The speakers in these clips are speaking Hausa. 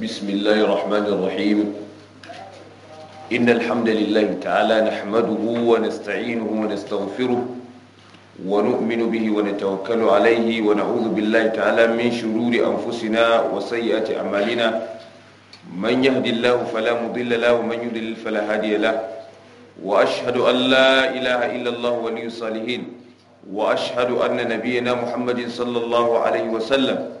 بسم الله الرحمن الرحيم إن الحمد لله تعالى نحمده ونستعينه ونستغفره ونؤمن به ونتوكل عليه ونعوذ بالله تعالى من شرور أنفسنا وسيئات أعمالنا من يهد الله فلا مضل له ومن يضلل فلا هادي له وأشهد أن لا إله إلا الله ولي الصالحين وأشهد أن نبينا محمد صلى الله عليه وسلم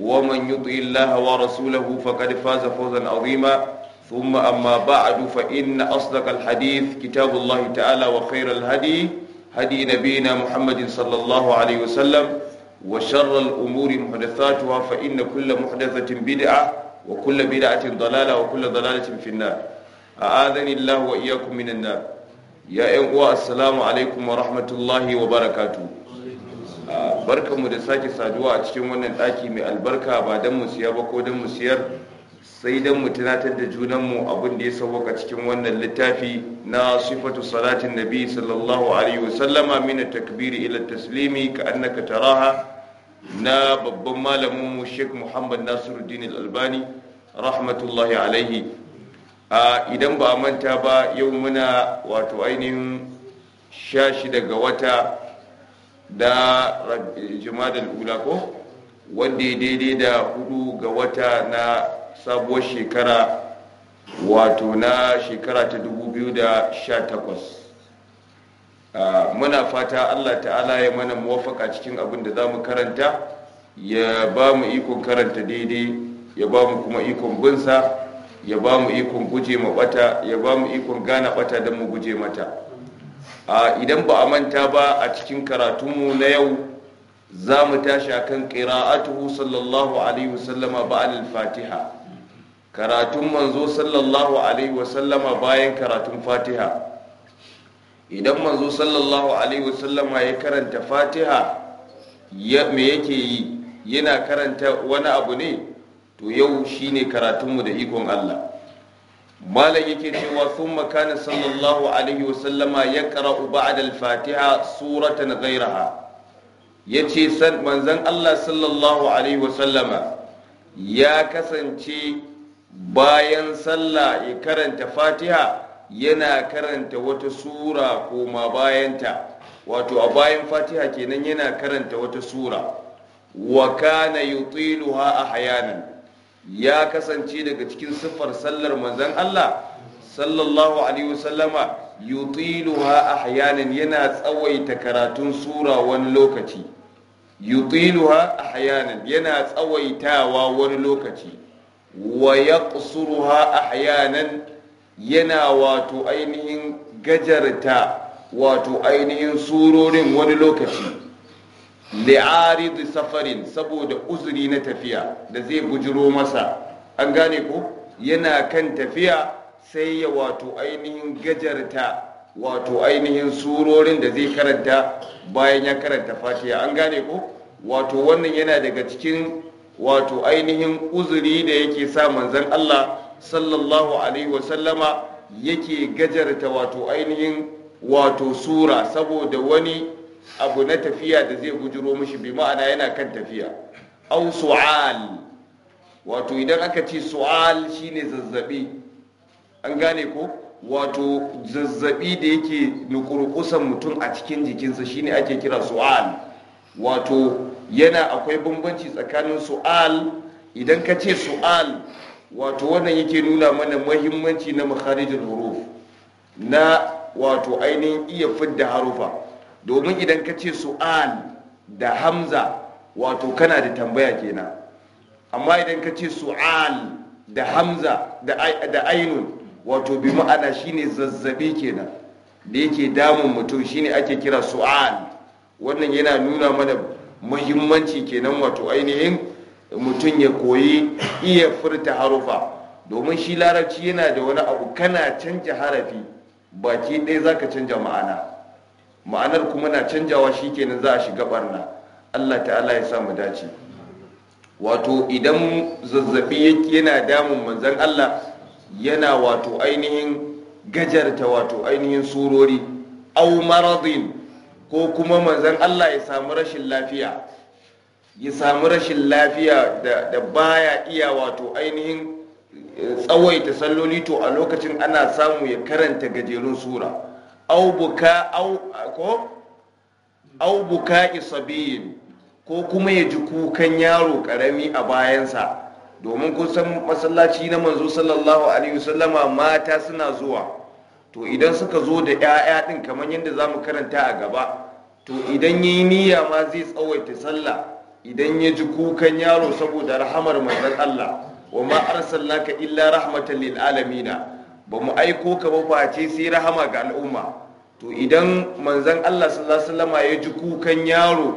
ومن يطع الله ورسوله فقد فاز فوزا عظيما ثم أما بعد فإن أصدق الحديث كتاب الله تعالى وخير الهدي هدي نبينا محمد صلى الله عليه وسلم وشر الأمور محدثاتها فإن كل محدثة بدعة وكل بدعة ضلالة وكل ضلالة في النار أعاذني الله وإياكم من النار يا إخوة السلام عليكم ورحمة الله وبركاته Barka mu da sake saduwa a cikin wannan ɗaki mai albarka ba don mu siya ba ko don mu siyar sai don mu tunatar da junanmu abin da ya sauwaka cikin wannan littafi na sifatu salatin nabi sallallahu alaihi wasallama min takbiri ila taslimi ka annaka taraha na babban malamin mu Sheikh Muhammad Nasiruddin Al-Albani rahmatullahi alaihi idan ba a manta ba yau muna wato ainihin shashi daga wata da jimadar ula ko wanda ya daidai da hudu ga wata na sabuwar shekara wato na shekara ta 2018 ah, muna fata allah ta'ala ya mana muwafaka cikin abin da za mu karanta ya ba mu ikon karanta daidai ya ba mu kuma ikon binsa ya ba mu ikon guje ma bata ya ba mu ikon gane bata don mu guje mata idan ba a manta ba a cikin karatunmu na yau za mu tashi a a qira'atuhu sallallahu alaihi wasallama al fatiha karatun manzo sallallahu alaihi wasallama bayan karatun fatiha idan manzo sallallahu alaihi wasallama ya karanta fatiha me yake yi yana karanta wani abu ne to yau shine karatunmu da ikon Allah malam yake cewa sun makana sallallahu alaihi wasallama ya kara'u ba'adal fatiha suratan gairaha ya ce manzan allah sallallahu alaihi wasallama ya kasance bayan sallah ya karanta fatiha yana karanta wata sura ma bayanta wato a bayan fatiha kenan yana karanta wata sura wa kana yutiluha nan. ya kasance daga cikin siffar sallar manzon Allah sallallahu alaihi wasallama yutiluha ahyanan yana tsawaita karatun sura wani lokaci yutiluha ahyanan yana tsawaitawa wani lokaci wa yaqsuruha ahyanan yana wato ainihin gajarta wato ainihin surorin wani lokaci Li'ari da safarin saboda uzuri na tafiya da zai bujiro masa an gane ko yana kan tafiya sai ya wato ainihin gajarta wato ainihin surorin da zai karanta bayan ya karanta fatiha an gane ko wato wannan yana daga cikin wato ainihin uzuri da yake sa manzan Allah sallallahu alaihi wasallama yake gajarta wato ainihin wato sura saboda wani abu na tafiya da zai gujiro mashi bi ma'ana yana kan tafiya au su'al wato idan aka ce su'al shine zazzabi an gane ko wato zazzabi da yake nukurkusan mutum a cikin jikinsa shine ake kira su'al wato yana akwai bambanci tsakanin su'al idan ka ce su'al wato wannan yake nuna mana mahimmanci na makarijin huruf na wato ainihin iya fidda harufa domin idan ka ce su'al da hamza wato kana da tambaya kenan amma idan ka ce su'al da hamza da ainun wato bi ma'ana shine zazzabi kenan da yake damun mutum shine ake kira su'al wannan yana nuna mana muhimmanci kenan wato ainihin mutum ya koyi iya furta harufa domin shi larabci yana da wani abu kana canja harafi baki ɗaya ka canja ma'ana ma'anar kuma na canjawa shi kenan za a shiga barna allah ta'ala ya samu dace wato idan zazzabi yana damun manzan allah yana wato ainihin gajarta wato ainihin surori au maradin ko kuma manzan allah ya samu rashin lafiya ya samu rashin lafiya da baya iya wato ainihin eh, tsawaita salloli to a lokacin ana samu ya karanta gajerun sura au buka isa ko ko kuma ya ji kukan yaro karami a bayansa domin kusan masallaci na manzo sallallahu alaihi wasallama mata suna zuwa to idan suka zo da 'ya'ya din kamar yadda za mu karanta a gaba to idan ya yi niyya ma zai tsawaita sallah idan ya ji kukan yaro saboda rahamar manzan Allah wa ma arsalnaka illa rahmatan lil alamina ba mu aiko ka ba face sai rahama ga al'umma to idan manzan Allah sallallahu alaihi wasallam ya ji kukan yaro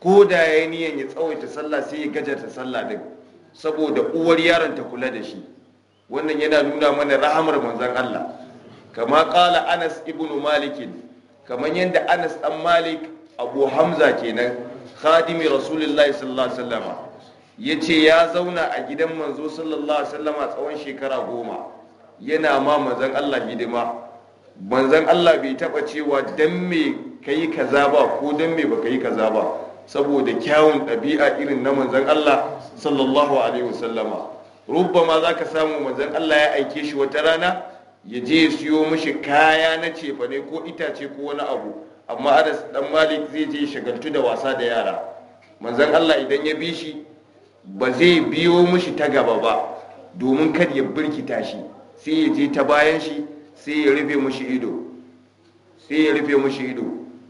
ko da ya niyan ya tsawaita sallah sai ya gajarta sallah din saboda uwar yaron ta kula da shi wannan yana nuna mana rahamar manzan Allah kama kala Anas ibn Malik kaman yanda Anas dan Malik Abu Hamza kenan khadimi Rasulullahi sallallahu alaihi wasallam yace ya zauna a gidan manzo sallallahu alaihi wasallam tsawon shekara goma yana ma manzon Allah hidima manzan Allah bai taba cewa dan me kai kaza ba ko dan me baka yi kaza ba saboda kyawun ɗabi'a irin na manzan Allah sallallahu alaihi wasallama rubbama zaka samu manzan Allah ya aike shi wata rana ya je ya siyo mishi kaya na cefane ko itace ko wani abu amma Anas dan Malik zai je shagaltu da wasa da yara Manzan Allah idan ya bi shi ba zai biyo mishi ta gaba ba domin kar ya birkita shi sai ya je ta bayan shi sai ya rufe mushi ido sai ya rufe mushi ido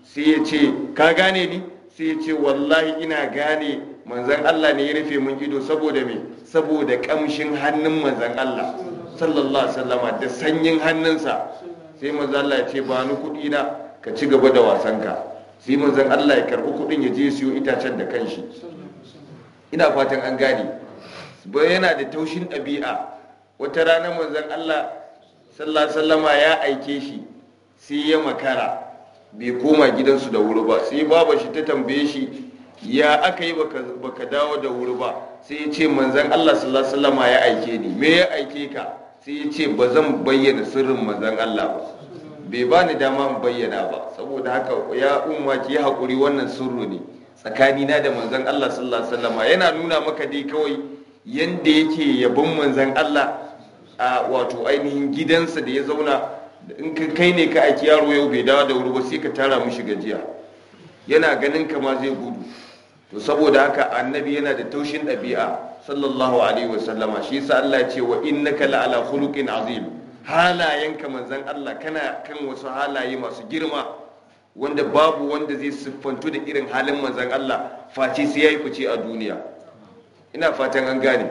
sai ya ce ka gane ni sai ya ce wallahi ina gane manzan Allah ne ya rufe mun ido saboda me saboda kamshin hannun manzan Allah sallallahu alaihi wasallam da sanyin hannunsa sai manzan Allah ya ce ba ni kuɗi na ka ci gaba da wasanka sai manzan Allah ya karɓi kuɗin ya je siyo itacen da kanshi ina fatan an gane yana da taushin ɗabi'a wata rana Manzan Allah sallallahu ya aike shi sai ya makara bai koma gidansu da wuri ba sai baba shi ta tambaye shi ya aka yi baka dawo da wuri ba sai ya ce Manzan Allah sallallahu ya aike ni me ya aike ka sai ya ce ba zan bayyana sirrin Manzan Allah ba bai ba ni dama in bayyana ba saboda haka ya umma ki yi haƙuri wannan sirru ne tsakanina da Manzan Allah sallallahu yana nuna maka dai kawai yanda yake yabon Manzan Allah a wato ainihin gidansa da ya zauna in ka kai ne ka aiki yaro yau bai dawo da wuri ba sai ka tara mishi gajiya yana ganin ka ma zai gudu to saboda haka annabi yana da taushin ɗabi'a sallallahu alaihi wasallama shi yasa Allah ya ce wa innaka la'ala khuluqin azim ka manzan Allah kana kan wasu halaye masu girma wanda babu wanda zai siffantu da irin halin manzan Allah face sai yayi fice a duniya ina fatan an gane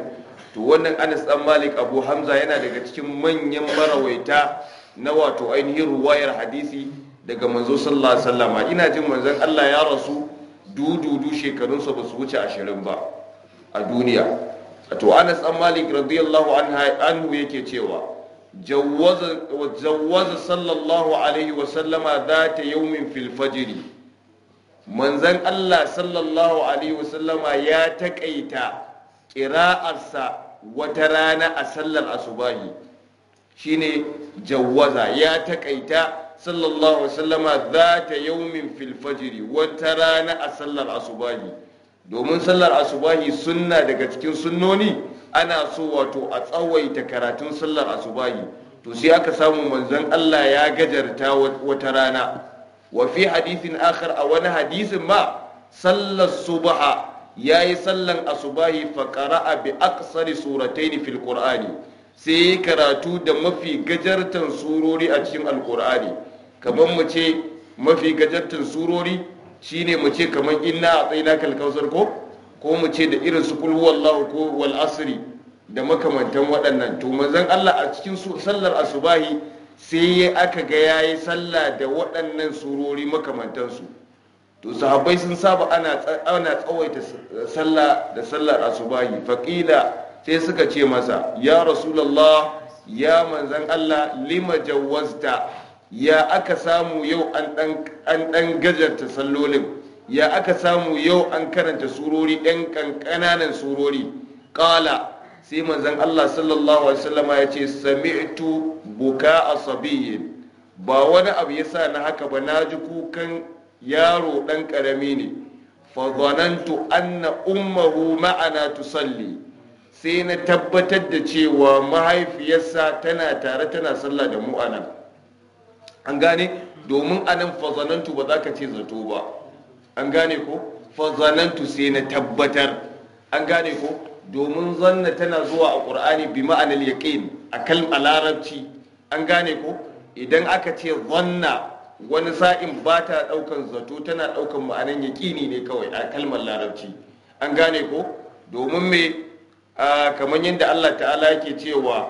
to wannan anas dan malik abu hamza yana daga cikin manyan marawaita na wato ainihin ruwayar hadisi daga manzo sallallahu alaihi wasallama ina jin manzon Allah ya rasu dududu shekarunsa ba su wuce ashirin ba a duniya to anas dan malik radiyallahu anhu yake cewa jawwaza sallallahu alaihi wasallama zata yawmin fil fajri manzon Allah sallallahu alaihi wasallama ya takaita ƙira'arsa wata rana a sallar asubahi shine jawwaza ya takaita sallallahu alaihi wasallama zata yawmin fil filfajiri wata rana a sallar asubahi domin sallar asubahi sunna daga cikin sunnoni ana so wato a tsawaita karatun sallar asubahi to sai aka samu manzon Allah ya gajarta wata rana wa fi hadithin akhar a wani hadisin ma sallar subha ya yi sallan asubahi faƙara a bi aksari surataini fil qur'ani sai yi karatu da mafi gajartan surori a cikin alkur'ani kamar mu ce mafi gajartan surori shine mu ce kamar inna a na kalkausar ko ko mu ce da irin su kulhuwallahu ko wal asri da makamantan waɗannan to manzon Allah a cikin sallar asubahi sai aka ga yayi sallah da waɗannan surori makamantansu to sahabbai sun saba ana tsawaita sallah da sallar asubahi faƙila sai suka ce masa ya rasulallah ya manzan allah lima jawazta ya aka samu yau an ɗan gajarta sallolin ya aka samu yau an karanta surori ɗan ƙanƙananan surori ƙala sai manzan allah sallallahu alaihi wasallama ya ce sami'tu buka a ba wani abu ya sa na haka ba na ji kukan yaro ɗan ƙarami ne fazanantu anna ummahu ma'ana salli. sai na tabbatar da cewa mahaifiyarsa tana tare tana sallah da mu anan an gane domin anan fazonantu ba za ka ce zato ba an gane ko fazonantu sai na tabbatar an gane ko domin zanna tana zuwa a ƙur'ani bi ma'anar yaƙin a kalmar larabci an gane ko idan aka ce zanna wani sa'in ba ta ɗaukan zato tana ɗaukan ma'anan yaƙini ne kawai a kalmar larabci an gane ko domin me kamar yadda allah ta'ala yake cewa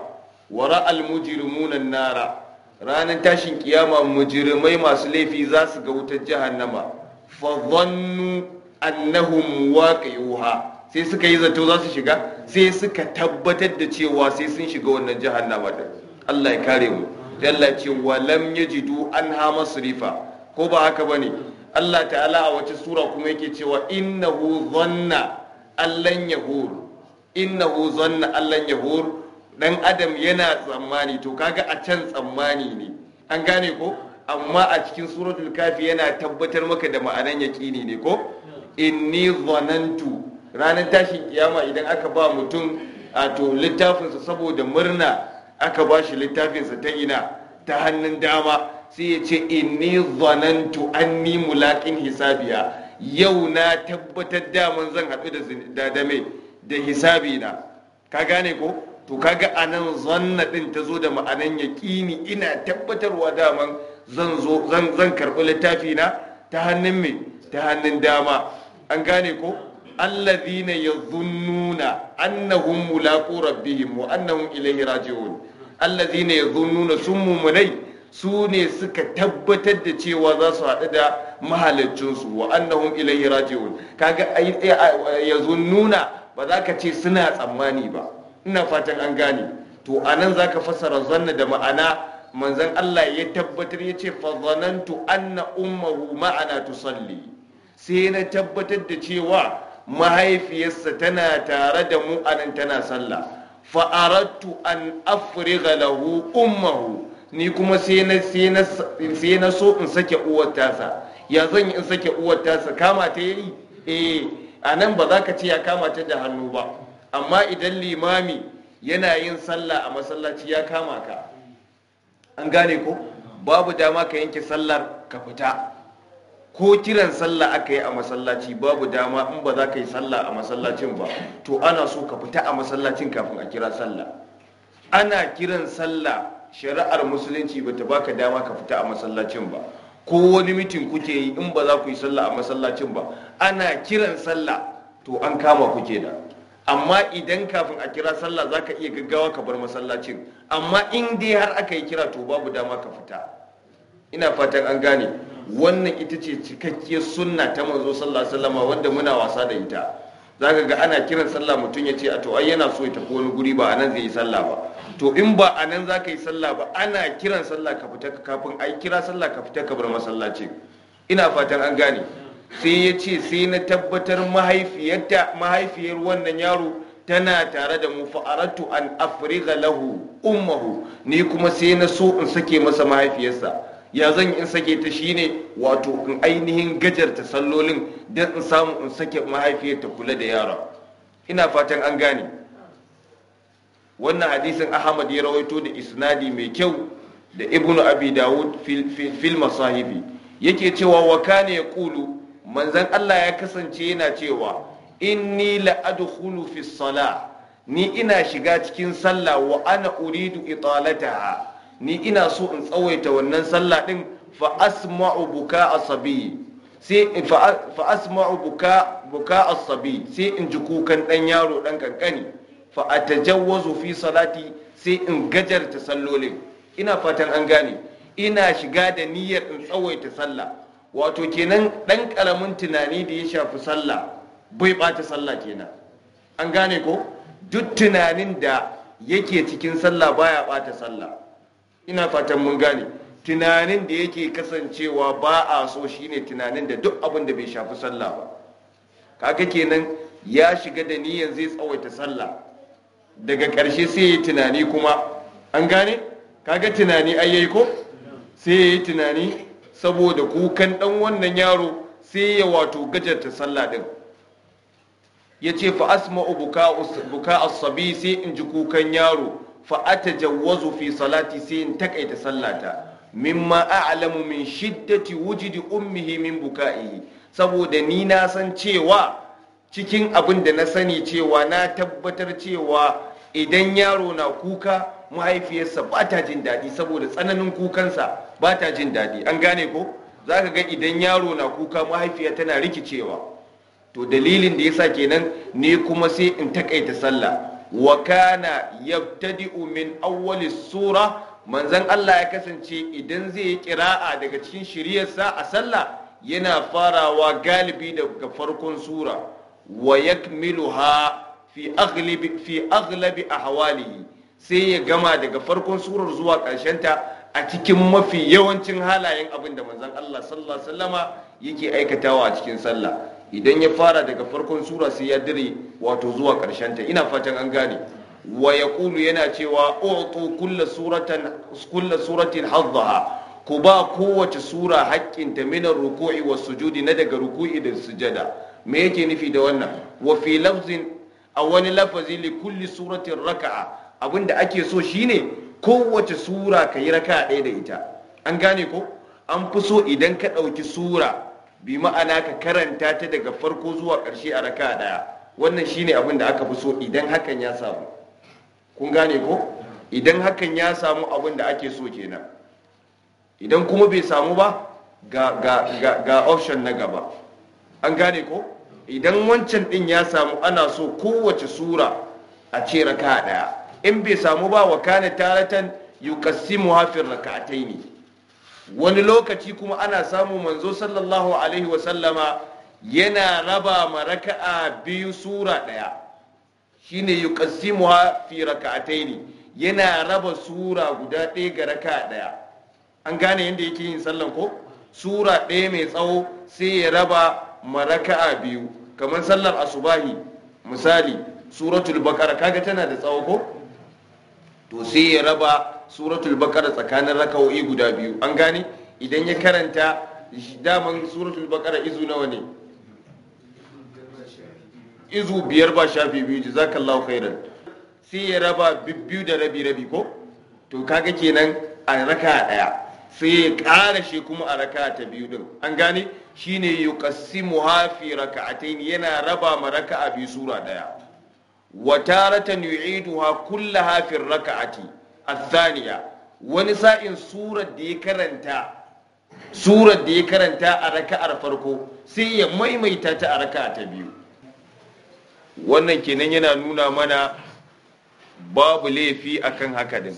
wara mujrimuna nara ranar tashin kiyama mujrimai masu laifi za su ga wutar jahannama fa zannu annahum waqi'uha sai suka yi zato za su shiga sai suka tabbatar da cewa sai sun shiga wannan jahannama din Allah ya kare mu Allah ce walam yajidu an ha masrifa ko ba haka bane Allah ta'ala a wace sura kuma yake cewa innahu zanna allan yahur innahu zanna allan yahur dan adam yana tsammani to kaga a can tsammani ne an gane ko amma a cikin suratul kafi yana tabbatar maka da ma'anan yaƙini ne ko inni zanantu ranar tashin kiyama idan aka ba mutum a to littafinsa saboda murna aka ba shi littafinsa ta ina ta hannun dama sai ya ce inni zanantu anni mulaƙin hisabiya yau na tabbatar daman zan haɗu da dadame da hisabi na ka gane ko to kaga anan zanna din ta zo da ma'anan yaƙini ina tabbatarwa daman zan zo zan karɓi littafi ta hannun me ta hannun dama an gane ko alladhina yadhunnuna annahum mulaqu rabbihim wa annahum ilayhi raji'un alladhina yadhunnuna sun su ne suka tabbatar da cewa za su haɗu da mahaliccinsu wa annahum ilayhi raji'un kaga yadhunnuna ba za ka ce suna tsammani ba ina fatan an gane to anan zaka fassara zanna da ma'ana manzon Allah ya tabbatar ya ce fazanantu anna ummahu ma'ana tusalli sai na tabbatar da cewa mahaifiyarsa tana tare da mu anan tana sallah fa'arattu an afriga lahu ummahu ni kuma sai na so in sake uwar tasa ya zan yi in sake uwar tasa kama ta yi eh a ba za ka ce ya kama ta da hannu ba amma idan limami yana yin sallah a masallaci ya kama ka an gane ko babu dama ka yanke sallar ka fita ko kiran sallah aka yi a masallaci babu dama in ba za ka yi sallah a masallacin ba to ana so ka fita a masallacin kafin a kira sallah ana kiran sallah shari'ar musulunci bata baka dama ka fita a masallacin ba ko wani mitin kuke yi in ba za ku yi sallah a masallacin ba ana kiran sallah to an kama kuke da. amma idan kafin a kira sallah za ka iya gaggawa ka bar masallacin amma in dai har aka yi kira to babu dama ka fita ina fatan an gane wannan ita ce cikakkiyar sunna ta manzo sallallahu alaihi wasallam wanda muna wasa da ita zaka ga ana kiran sallah mutum ya ce a to ai yana so ya tafi wani guri ba anan zai yi sallah ba to in ba anan zaka yi sallah ba ana kiran sallah ka fita kafin ai kira sallah ka fita ka bar masallaci ina fatan an gane sai ya ce sai na tabbatar mahaifiyarta mahaifiyar wannan yaro tana tare da mu fa'aratu an afriga lahu ummuhu ni kuma sai na so in sake masa mahaifiyarsa ya zan in sake ta shine wato in ainihin gajarta sallolin don in samu in sake mahaifiyar ta kula da yara ina fatan an gane wannan hadisin ahmad ya rawaito da isnadi mai kyau da ibnu abi dawud fil masahibi yake cewa wa ya Kulu, manzan Allah ya kasance yana cewa inni la adkhulu fi salah ni ina shiga cikin sallah wa ana uridu italataha ni ina so in tsawaita wannan sallah din fa asma'u buka asabi sai sai in ji kukan ɗan yaro dan kankani fa atajawwazu fi salati sai in gajarta sallolin ina fatan an gane ina shiga da niyyar in tsawaita sallah wato kenan dan ƙaramin tunani da ya shafi sallah bai bata sallah kenan an gane ko duk tunanin da yake cikin sallah baya bata sallah ina fatan mun gane tunanin da yake kasancewa ba a so shine tunanin da duk abin da bai shafi sallah ba kaga kenan ya shiga da niyan zai tsawaita sallah daga karshe sai yi tunani kuma an gane kaga tunani ai ko sai yi tunani saboda kukan dan wannan yaro sai ya wato gajarta sallah din ya ce fa asma'u buka as-sabi sai in ji kukan yaro fa atajawwazu fi salati sai in takaita sallata mimma a'lamu min shiddati wujudi ummihi min buka'ihi saboda ni na san cewa cikin abin da na sani cewa na tabbatar cewa idan yaro na kuka mahaifiyarsa ba ta jin daɗi saboda tsananin kukansa ba ta jin daɗi an gane ko za ka ga idan yaro na kuka mahaifiya tana rikicewa to dalilin da ya sa kenan ne kuma sai in takaita sallah Wakana kana yabtadi'u min sura manzon Allah ya kasance idan zai yi kira'a daga cikin shiriyarsa a sallah yana farawa galibi daga farkon sura wa yakmiluha fi aghlabi a aghlabi ahwalihi sai ya gama daga farkon surar zuwa ƙarshenta a cikin mafi yawancin halayen abin da manzon Allah sallallahu yake aikatawa a cikin sallah idan ya fara daga farkon sura sai ya dire wato zuwa ta ina fatan an gane wa kulu yana cewa utu kulla suratan kulla suratin ku ba kowace sura haƙƙinta minar ruku'i wa sujudi na daga ruku'i da sujada me yake nufi da wannan wa fi lafzin a wani lafazi li kulli suratin raka'a abinda ake so shine kowace sura ka yi raka'a ɗaya da ita an gane ko an fi so idan ka ɗauki sura bi ma'ana ka karanta ta daga farko zuwa ƙarshe a raka daya wannan shine abin da aka fi so idan hakan ya samu kun gane ko idan hakan ya samu abin da ake so kenan idan kuma bai samu ba ga, ga, ga, ga option na gaba an gane ko idan wancan din ya samu ana so kowace sura a ce raka daya in bai samu ba wa kana taratan yukassimu hafir raka'ataini wani lokaci kuma ana samu manzo sallallahu alaihi wasallama yana raba ma raka'a biyu sura ɗaya shine yuqassimuha fi raka'ataini yana raba sura guda ɗaya ga raka'a ɗaya an gane yadda yake yin sallan ko sura ɗaya mai tsawo sai ya raba ma raka'a biyu kamar sallar asubahi misali suratul bakara kaga tana da tsawo ko to sai ya raba suratul bakara tsakanin raka'o'i guda biyu an gane idan ya karanta daman suratul bakara izu nawa ne izu biyar ba shafi biyu lau khairan sai ya raba biyu da rabi rabi ko to kaga kenan a raka daya sai ya ƙara shi kuma a raka ta biyu din an gane shine yuqassimu hafi raka'atayn yana raba ma raka'a biyu sura daya wa taratan yu'iduha kullaha fi raka'ati saniya, wani sa'in surar da ya karanta a raka'ar farko sai ya maimaita ta a ta biyu wannan kenan yana nuna mana babu laifi akan haka din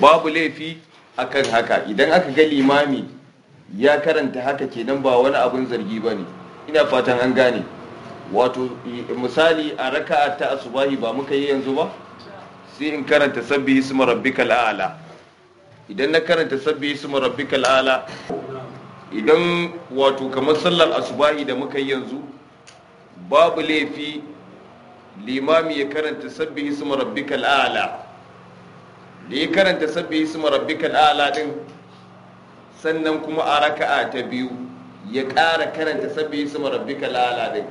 babu laifi akan haka idan aka ga limami ya karanta haka kenan ba wani abin zargi ba ne ina fatan an gane wato misali a raka'a ta asubahi ba muka yi yanzu ba sai in karanta sabbi isma rabbikal a'la idan na karanta sabbi isma rabbikal a'la idan wato kamar sallar asubahi da muka yanzu babu laifi limami ya karanta sabbi isma rabbikal a'la da ya karanta sabbi isma rabbikal a'la din sannan kuma a raka'a ta biyu ya ƙara karanta sabbi isma rabbikal a'la din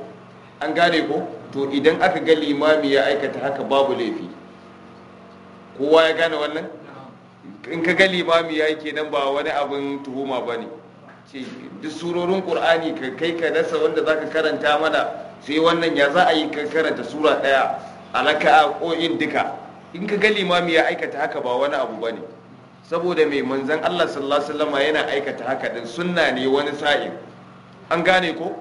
an gane ko to idan aka ga limami ya aikata haka babu laifi kowa ya gane wannan in ka ga limami ya ke nan ba wani abin tuhuma ba ne duk surorin ƙur'ani ka kai ka nasa wanda za ka karanta mana sai wannan ya za a yi ka karanta sura ɗaya alaka a ƙo'in duka in ka ga limami ya aikata haka ba wani abu ba ne saboda mai manzan allah sallallahu yana aikata haka din sunna ne wani sa'in an gane ko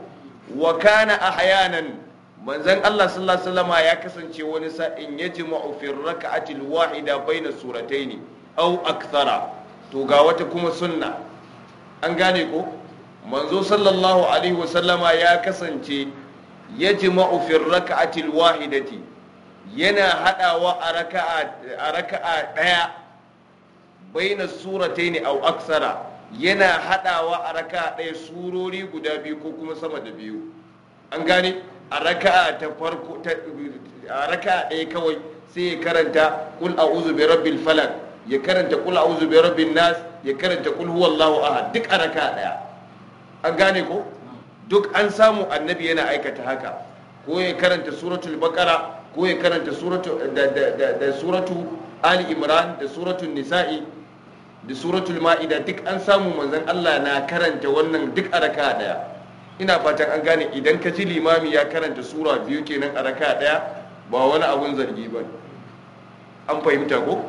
wa kana ahyanan manzon Allah sallallahu alaihi wasallama ya kasance wani sa'in yajma'u fi rak'atil wahida baina surataini aw akthara to ga wata kuma sunna an gane ko manzo sallallahu alaihi wasallama ya kasance yajma'u fi rak'atil wahidati yana hadawa a raka'a a raka'a daya baina surataini aw akthara yana hadawa a raka'a daya surori guda biyu ko kuma sama da biyu an gane a raka'a ta farko a raka'a ɗaya kawai sai ya karanta kul a'udhu bi rabbil falaq ya karanta kul a'udhu bi rabbin nas ya karanta kul huwallahu ahad duk a raka'a ɗaya an gane ko duk an samu annabi yana aikata haka ko ya karanta suratul baqara ko ya karanta suratu da, da, da suratu ali imran da suratul nisa'i da suratul ma'ida duk an samu manzon Allah na karanta wannan duk a raka'a ɗaya ina fatan an gane idan ka ji limami ya karanta sura biyu kenan a raka daya ba wani abun zargi ba an fahimta ko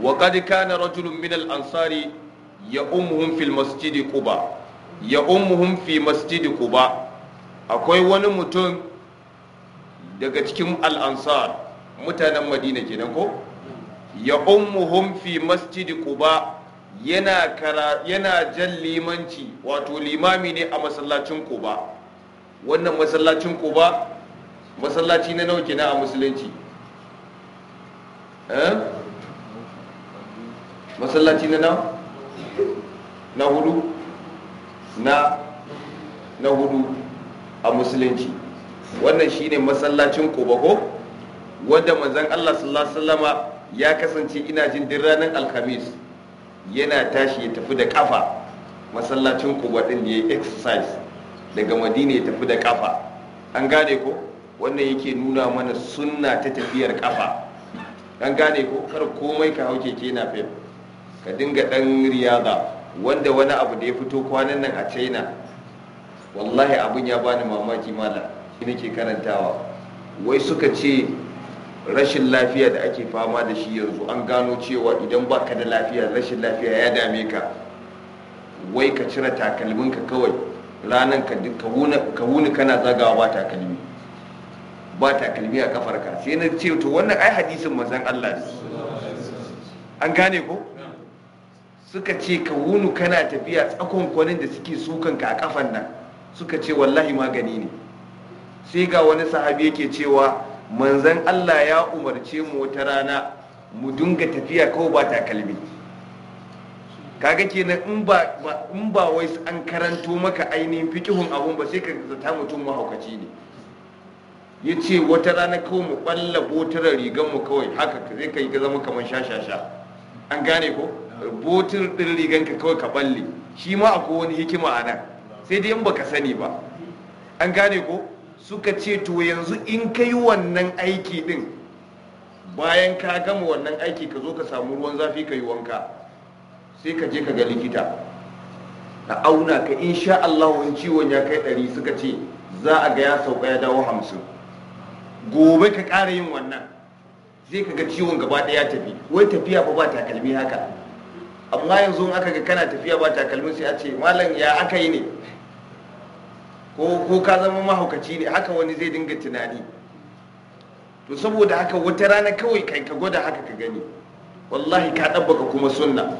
wa qad kana rajulun min al-ansari ya ummuhum fil masjidi quba ya ummuhum fi masjidi quba akwai wani mutum daga cikin al-ansar mutanen madina kenan ko ya ummuhum fi masjidi quba yana jan limanci wato limami ne a masallacin ba wannan masallacin ba masallaci na nauke na a musulunci eh masallaci na na hudu na na hudu a musulunci wannan shine masallacin Quba ko wanda manzan Allah sallallahu alaihi wasallama ya kasance ina jin din ranar alkhamis yana tashi ya tafi da kafa masallacin kuba ɗin da ya exercise daga madina ya tafi da kafa an gane ko wannan yake nuna mana sunna ta tafiyar kafa an gane ko kar komai ka hau keke na fim ka dinga dan riyaza wanda wani abu da ya fito kwanan nan a china wallahi abin ya bani mamaki mala shi nake karantawa wai suka ce rashin lafiya da ake fama da shi yanzu an gano cewa idan baka da lafiya rashin lafiya ya dame ka wai ka cire takalminka kawai ranar ka wuni kana zagawa ba takalmi ba takalmi a kafarka sai na ce to wannan ai hadisin mazan Allah ne an gane ko suka ce ka wuni kana tafiya tsakon kwanin da suke sukan ka a kafan nan suka ce wallahi magani ne sai ga wani sahabi yake cewa manzan Allah ya umarce mu wata rana mu dunga tafiya kawai ba takalmi kaga kenan in ba in ba wai an karanto maka ainihin fikihun abun ba sai ka zata mutum mahaukaci ne yace wata rana kawai mu balla botar rigan mu kawai haka zai kai ka zama kamar shashasha an gane ko botar din rigan ka kawai ka balle shi ma akwai wani hikima a nan sai dai in baka sani ba an gane ko suka ce to yanzu in ka yi wannan aiki din bayan ka gama wannan aiki ka zo ka samu ruwan zafi ka yi wanka sai ka je ka ga likita a auna ka sha Allah wani ciwon ya kai ɗari suka ce za a ga ya sauka ya dawo hamsin gobe ka ƙara yin wannan sai ka ga ciwon gaba ɗaya tafi wai tafiya fa ba takalmi haka amma yanzu aka ga kana tafiya ba takalmi sai a ce malam ya aka yi ne ko ka zama mahaukaci ne haka wani zai dinga tunani to saboda haka wata rana kawai kai ka gwada haka ka gani wallahi ka ɗabbaka kuma sunna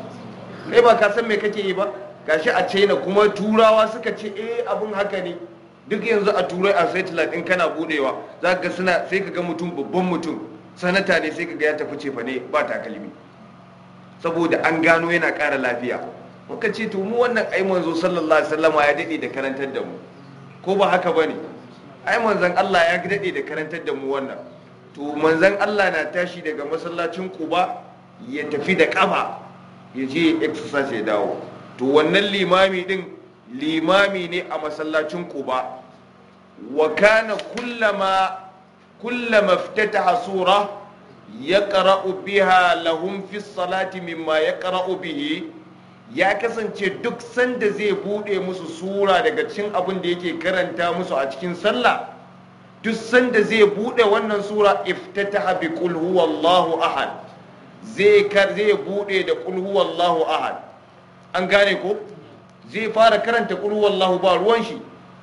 kai ba ka san me kake yi ba gashi a china kuma turawa suka ce eh abun haka ne duk yanzu a turai a satellite in kana budewa za ka suna sai ka ga mutum babban mutum sanata ne sai ka ga ya tafi cefa ne ba takalmi saboda an gano yana ƙara lafiya muka ce to mu wannan ai manzo sallallahu alaihi wasallama ya daɗe da karantar da mu ko ba haka ba ne ai manzan Allah ya daɗe da karantar da mu wannan to manzan Allah na tashi daga masallacin kuba ya tafi da kafa ya je exercise ya dawo to wannan limami din limami ne a masallacin kuba wa kana kullama kullama ftataha sura yaqra'u biha lahum fi salati mimma yaqra'u bihi ya kasance duk sanda zai bude musu sura daga cin abin da yake karanta musu a cikin sallah duk sanda zai bude wannan sura iftataha bi qul huwallahu ahad zai kar zai bude da qul huwallahu ahad an gane ko zai fara karanta qul huwallahu ba ruwan shi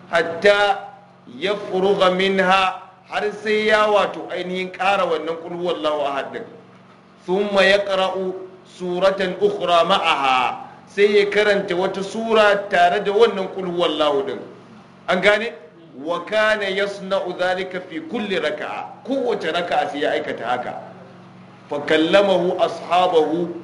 hatta yafrugha minha har sai ya wato ainihin ƙara wannan qul huwallahu ahad din thumma yaqra'u suratan ukhra ma'aha sai ya karanta wata sura tare da wannan kulhuwar lahudin an gane wa kana yasna'u fi kulli raka'a kowace raka'a sai ya aikata haka fa kallamahu ashabahu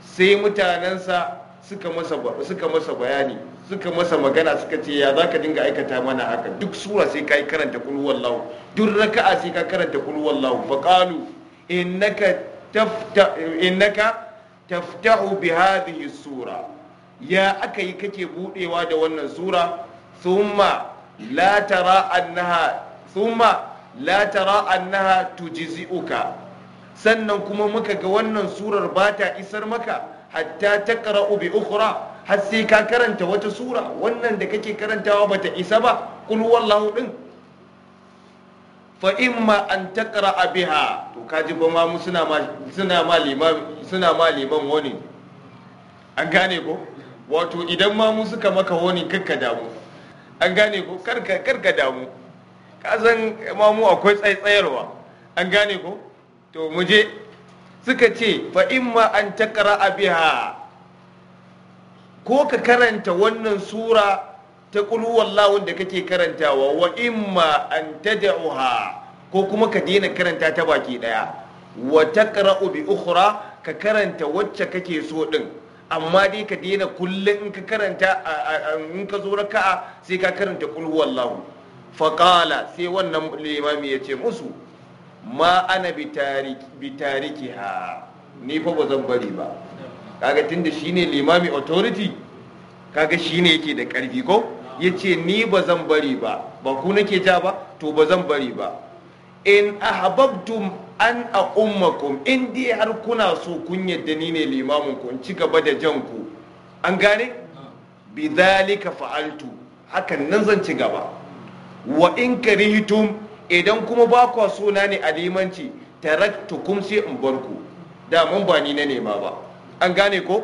sai mutanensa suka masa suka masa bayani suka masa magana suka ce ya zaka dinga aikata mana haka duk sura sai kai karanta kulhuwallahu duk raka'a sai ka karanta kulhuwallahu fa qalu innaka tafta innaka taftahu bi sura ya aka yi kake buɗewa da wannan sura thumma la tara annaha thumma la tara sannan kuma muka ga wannan surar ba ta isar maka hatta taqra'u bi ukhra har sai ka karanta wata sura wannan da kake karantawa bata isa ba kul wallahu fa an an a biha to kaji ba ma suna ma liman wani an gane ko wato idan ma mu suka maka wani kakka damu an gane ko karka damu ka zan ma mu akwai tsayarwa. an gane ko to mu je suka ce fa an an a biha ko ka karanta wannan sura ta ƙulu wallahun da kake karantawa wa imma an tad'uha ko kuma ka daina karanta ta baki daya wa taqra'u bi ukhra ka karanta wacce kake so din amma dai ka daina kullum in ka karanta in ka zo raka'a sai ka karanta qul huwallahu fa qala sai wannan limami ya ce musu ma ana bi ni fa ba zan bari ba kaga tunda shine limami authority kaga shine yake da karfi ko ya ce ni ba zan bari ba ba ku nake ja ba to ba zan bari ba in ahbabtum an a ummakum in dai har kuna so kun yadda ni ne limamin ku in ci gaba da jan ku an gane bi dhalika fa'altu hakan nan zan ci gaba wa in karihtum idan kuma ba suna so na ne a limanci taraktukum sai in bar ku da mun ba ni na nema ba an gane ko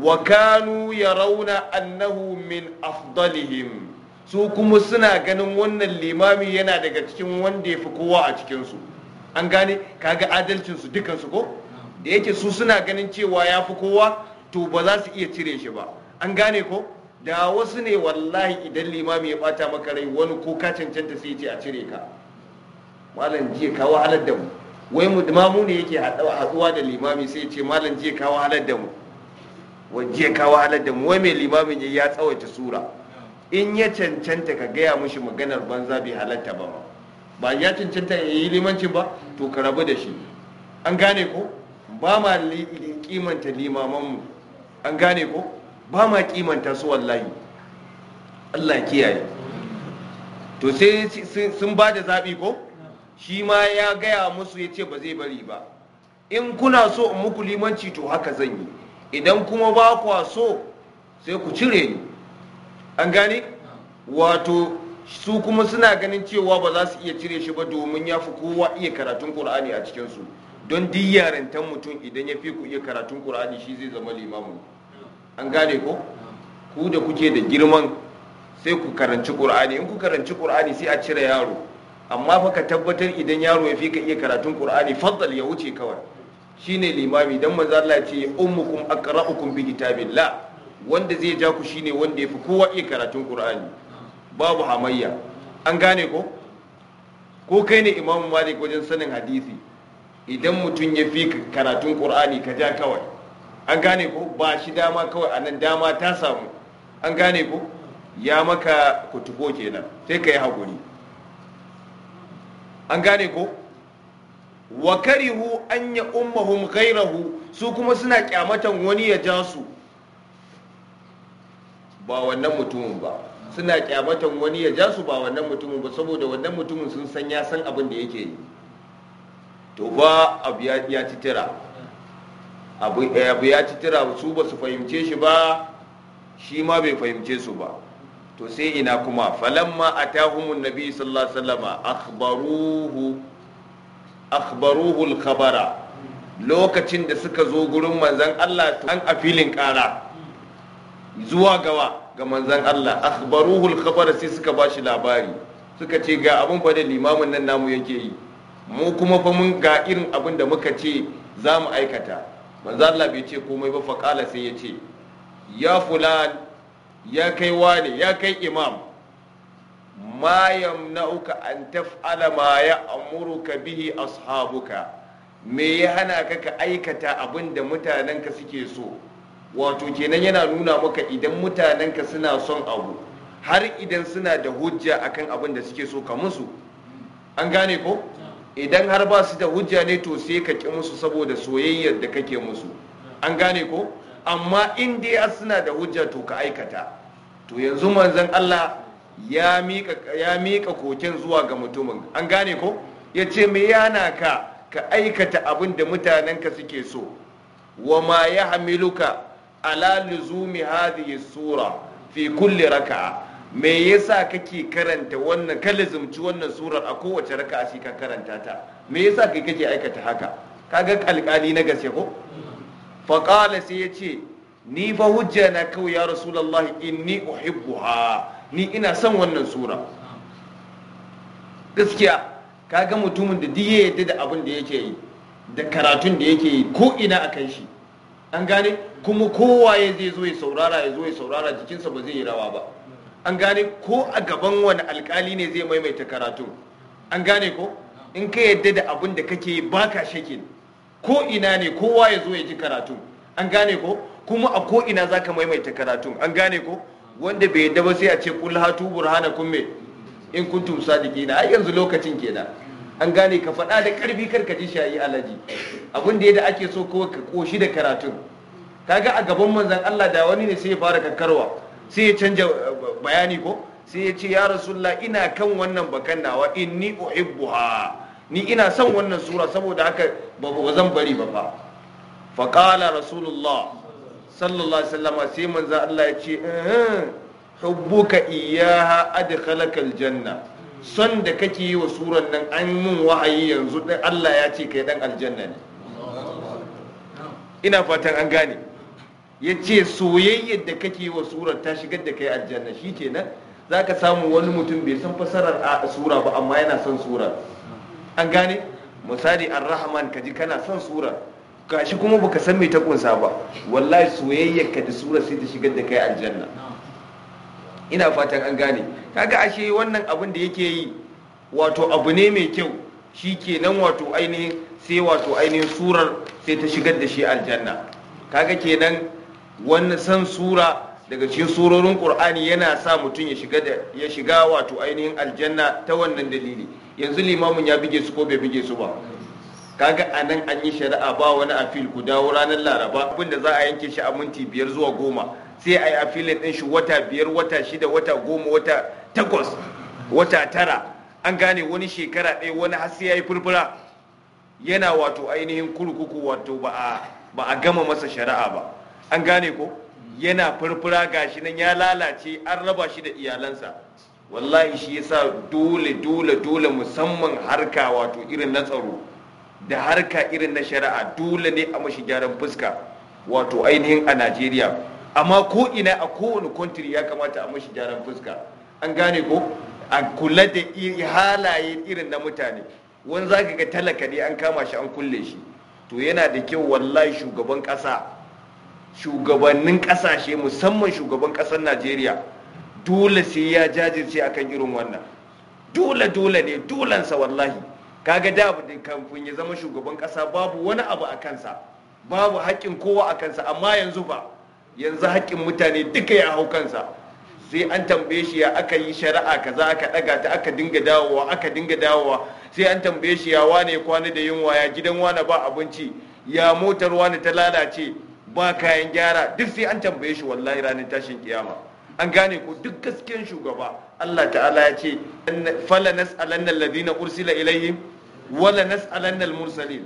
wa kanu rauna annahu min afdalihim su kuma suna ganin wannan limami yana daga cikin wanda ya fi kowa a cikinsu an gane kaga adalcinsu dukansu ko da yake su suna ganin cewa ya fi kowa to ba za su iya cire shi ba an gane ko da wasu ne wallahi idan limami ya bata maka rai wani ko ka cancanta sai ce a cire ka malam jiya kawo halar da mu wai mu ne yake haɗuwa da limami sai ce malam jiya kawo halar da mu wajiya ka wahalar da mu wai mai limamin ya tsawaita sura in ya cancanta ka gaya mushi maganar banza bai halatta ba ba ya cancanta ya yi limancin ba to ka rabu da shi an gane ko ba ma kimanta limamanmu an gane ko ba ma kimanta su wallahi allah kiyaye to sai sun ba da zaɓi ko shi ma ya gaya musu ya ce ba zai bari ba in kuna so in muku limanci to haka zan yi idan kuma ba kwa so sai ku cire ni an gane wato su kuma suna ganin cewa ba za su iya cire shi ba domin ya fi kowa iya karatun Kur'ani a cikinsu don duk mutum idan ya fi ku iya karatun Kur'ani shi zai zama limamu an gane ko ku da kuke da girman sai ku karanci ƙur'ani in ku karanci Kur'ani sai a cire yaro amma fa ka tabbatar idan yaro ya fi ka iya karatun Kur'ani, faddal ya wuce kawai shine limami dan manzo Allah ya ce ummukum aqra'ukum bi kitabillah wanda zai ja ku shine wanda yafi kowa iya karatun Qur'ani babu hamayya an gane ko ko kai ne imamu Malik wajen sanin hadisi idan mutum ya fi karatun Qur'ani ka ja kawai an gane ko ba shi dama kawai anan dama ta samu an gane ko ya maka kutubo kenan sai ka yi hakuri. an gane ko wa karihu an ya ummahum ghairahu su kuma suna kyamatan wani ya ja su ba wannan mutumin ba suna kyamatan wani ya ja su ba wannan mutumin ba saboda wannan mutumin sun san ya san abin da yake yi to ba abu ya ci tira eh, abu ya ci tira su ba su fahimce shi ba shi ma bai fahimce su ba to sai ina kuma falamma atahumun nabi sallallahu alaihi wasallama akhbaruhu akhbaruhu khabara lokacin da suka zo gurin manzan Allah an a filin kara zuwa gawa ga manzan Allah akhbaruhu khabara sai suka bashi labari suka ce ga abin fa da limamin nan namu yake yi mu kuma fa mun ga irin abin da muka ce za mu aikata manzan Allah bai ce komai ba faƙala sai ya ce ya fulan ya kai wane ya kai imam ma yamna'uka an taf'ala ma ya'muruka bihi ashabuka me ya hana ka ka aikata abin da mutanenka suke so wato kenan yana nuna maka idan mutanenka suna son abu har idan suna da hujja akan abin da suke so ka musu an gane ko idan har ba su da hujja ne to sai ka ki musu saboda soyayyar da kake musu an gane ko amma in dai suna da hujja to ka aikata to yanzu manzon Allah ya mika koken zuwa ga mutumin an gane ko ya ce me yana ka ka aikata abin da mutanen ka suke so wa ma ya hamiluka ala luzumi hadhihi sura fi kulli raka'a me yasa kake karanta wannan ka wannan surar a kowace raka'a shi ka karanta ta me yasa kai kake aikata haka Ka ga alƙali na gaske ko fa sai ya ce ni fa hujja na kawai ya rasulullahi inni uhibbuha ni ina son wannan sura gaskiya ka ga mutumin da duk ya yadda da abin da yake yi da karatun da yake yi ko ina a kan shi an gane kuma kowa ya zai zo ya saurara ya zo ya saurara jikinsa ba zai yi rawa ba an gane ko a gaban wani alkali ne zai maimaita karatun an gane ko in ka yadda da abin da kake yi baka shakin ko ina ne kowa ya zo ya ji karatu an gane ko kuma a ko ina zaka maimaita karatu an gane ko wanda bai yadda ba sai a ce kul hatu burhanakum me in kuntum sadiqina ai yanzu lokacin kenan an gane ka faɗa da ƙarfi kar ka ji shayi alaji abin da yadda ake so kawai ka koshi da karatun kaga a gaban manzon Allah da wani ne sai ya fara kakkarwa sai ya canja eh, bayani ko sai ya ce ya rasulullah ina kan wannan bakan nawa inni uhibbuha ni ina son wannan sura saboda haka ba zan bari ba fa faqala rasulullah sallallahu alaihi wasallam sai manzo Allah ya ce hubbuka iyyaha adkhalakal aljanna. son da kake yi wa suran nan an mun wahayi yanzu dan Allah ya ce kai dan aljanna ne ina fatan an gane ya ce soyayyar da kake yi wa surar ta shigar da kai aljanna shi kenan za ka samu wani mutum bai san fasarar a sura ba amma yana son sura an gane misali ar-rahman kaji kana son sura gashi kuma baka san mai ta kunsa ba wallahi soyayya ka da surar sai ta shigar da kai aljanna ina fatan an gane kaga ashe wannan abin da yake yi wato abu ne mai kyau shi kenan wato ainihin sai wato ainihin surar sai ta shigar da shi aljanna kaga kenan wannan san sura daga cikin surorin qur'ani yana sa mutum ya shiga da ya shiga wato ainihin aljanna ta wannan dalili yanzu limamin ya bige su ko bai bige su ba kaga a nan an yi shari'a ba wani afil ku dawo ranar laraba Abin da za a yanke shi a minti biyar zuwa goma sai a yi afilin ɗin shi wata biyar wata shida wata goma wata takwas wata tara an gane wani shekara ɗaya wani har sai ya yi furfura yana wato ainihin kurkuku wato ba a gama masa shari'a ba an gane ko yana furfura gashi nan ya lalace an raba shi da iyalansa wallahi shi yasa dole dole dole musamman harka wato irin na tsaro da harka irin na shari'a dole ne a mashi gyaran fuska wato ainihin a najeriya amma ko ina a kowane kontiri ya kamata a mashi gyaran fuska an gane ko a kula da halaye irin na mutane wani za ga talaka ne an kama shi an kulle shi to yana da kyau wallahi shugaban ƙasa shugabannin ƙasashe musamman shugaban ƙasar najeriya dole sai ya jajirce akan irin wannan dole dole ne dolensa wallahi kaga da kafin ya zama shugaban kasa babu wani abu a kansa babu haƙƙin kowa a kansa amma yanzu ba yanzu haƙƙin mutane duka ya hau kansa sai an tambaye shi ya aka yi shari'a ka za aka ɗaga ta aka dinga dawowa aka dinga dawowa sai an tambaye shi ya wane kwana da yunwa ya gidan wane ba abinci ya motar wane ta lalace ba kayan gyara duk sai an tambaye shi wallahi ranar tashin kiyama an gane ko duk gaskiyan shugaba Allah ta'ala ya ce fala nas'alanna alladhina ursila ilayhim wala nas'alanna al-mursalin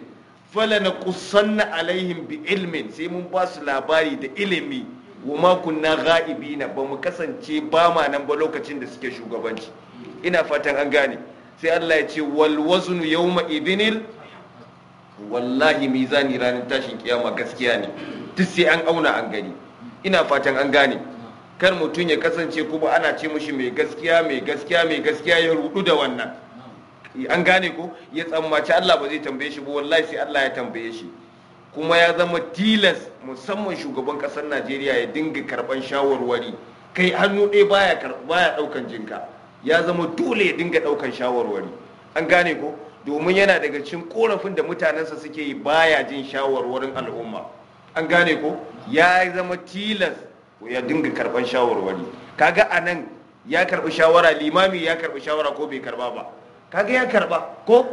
fala naqussanna alaihim bi ilmin sai mun ba su labari da ilimi wa ma kunna ghaibina ba mu kasance ba ma nan ba lokacin da suke shugabanci ina fatan an gane sai Allah ya ce wal waznu yawma idinil wallahi mizani ranar tashin kiyama gaskiya ne duk sai an auna an gani ina fatan an gane kar mutum ya kasance kuma ana ce mushi mai gaskiya mai gaskiya mai gaskiya ya rudu da wannan Eh, an gane ko ya tsammaci Allah ba zai tambaye shi ba wallahi sai Allah ya tambaye shi kuma ya zama tilas musamman shugaban kasar Najeriya ya dinga karban shawarwari kai hannu ɗaya baya baya daukan jinka ya zama dole ya dinga daukan shawarwari an gane ko domin yana daga cikin korafin da mutanensa suke yi baya jin shawarwarin al'umma an gane ko ya zama tilas ya dinga karban shawarwari kaga anan ya karbi shawara limami ya karbi shawara ko bai karba ba kaga ya karba ko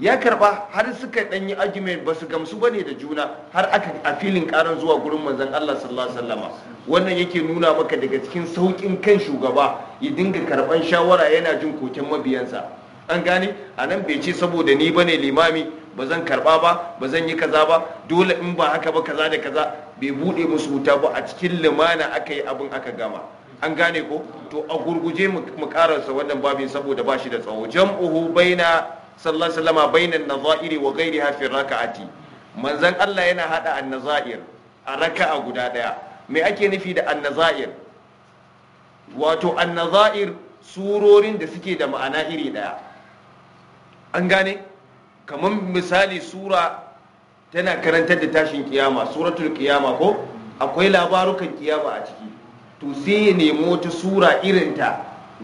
ya karba har suka dan yi argument ba su gamsu bane da juna har aka a filin karan zuwa gurin manzon Allah sallallahu alaihi wasallama wannan yake nuna maka daga cikin saukin kan shugaba ya dinga karban shawara yana jin koken mabiyansa an gane a nan bai ce saboda ni bane limami ba zan karba ba ba zan yi kaza ba dole in ba haka ba kaza da kaza bai bude musu wuta ba a cikin limana aka yi abin aka gama an gane ko to a gurguje mu kararsa wannan babin saboda bashi da tsawo jam'uhu baina sallallahu alaihi wasallam baina an-nazairi wa ghayriha fi raka'ati manzon Allah yana hada an-nazair a raka'a guda daya me ake nufi da an-nazair wato an-nazair surorin da suke da ma'ana iri daya an gane kamar misali sura tana karantar da tashin kiyama suratul kiyama ko akwai labarukan kiyama a ciki to sai ya nemo wata sura irinta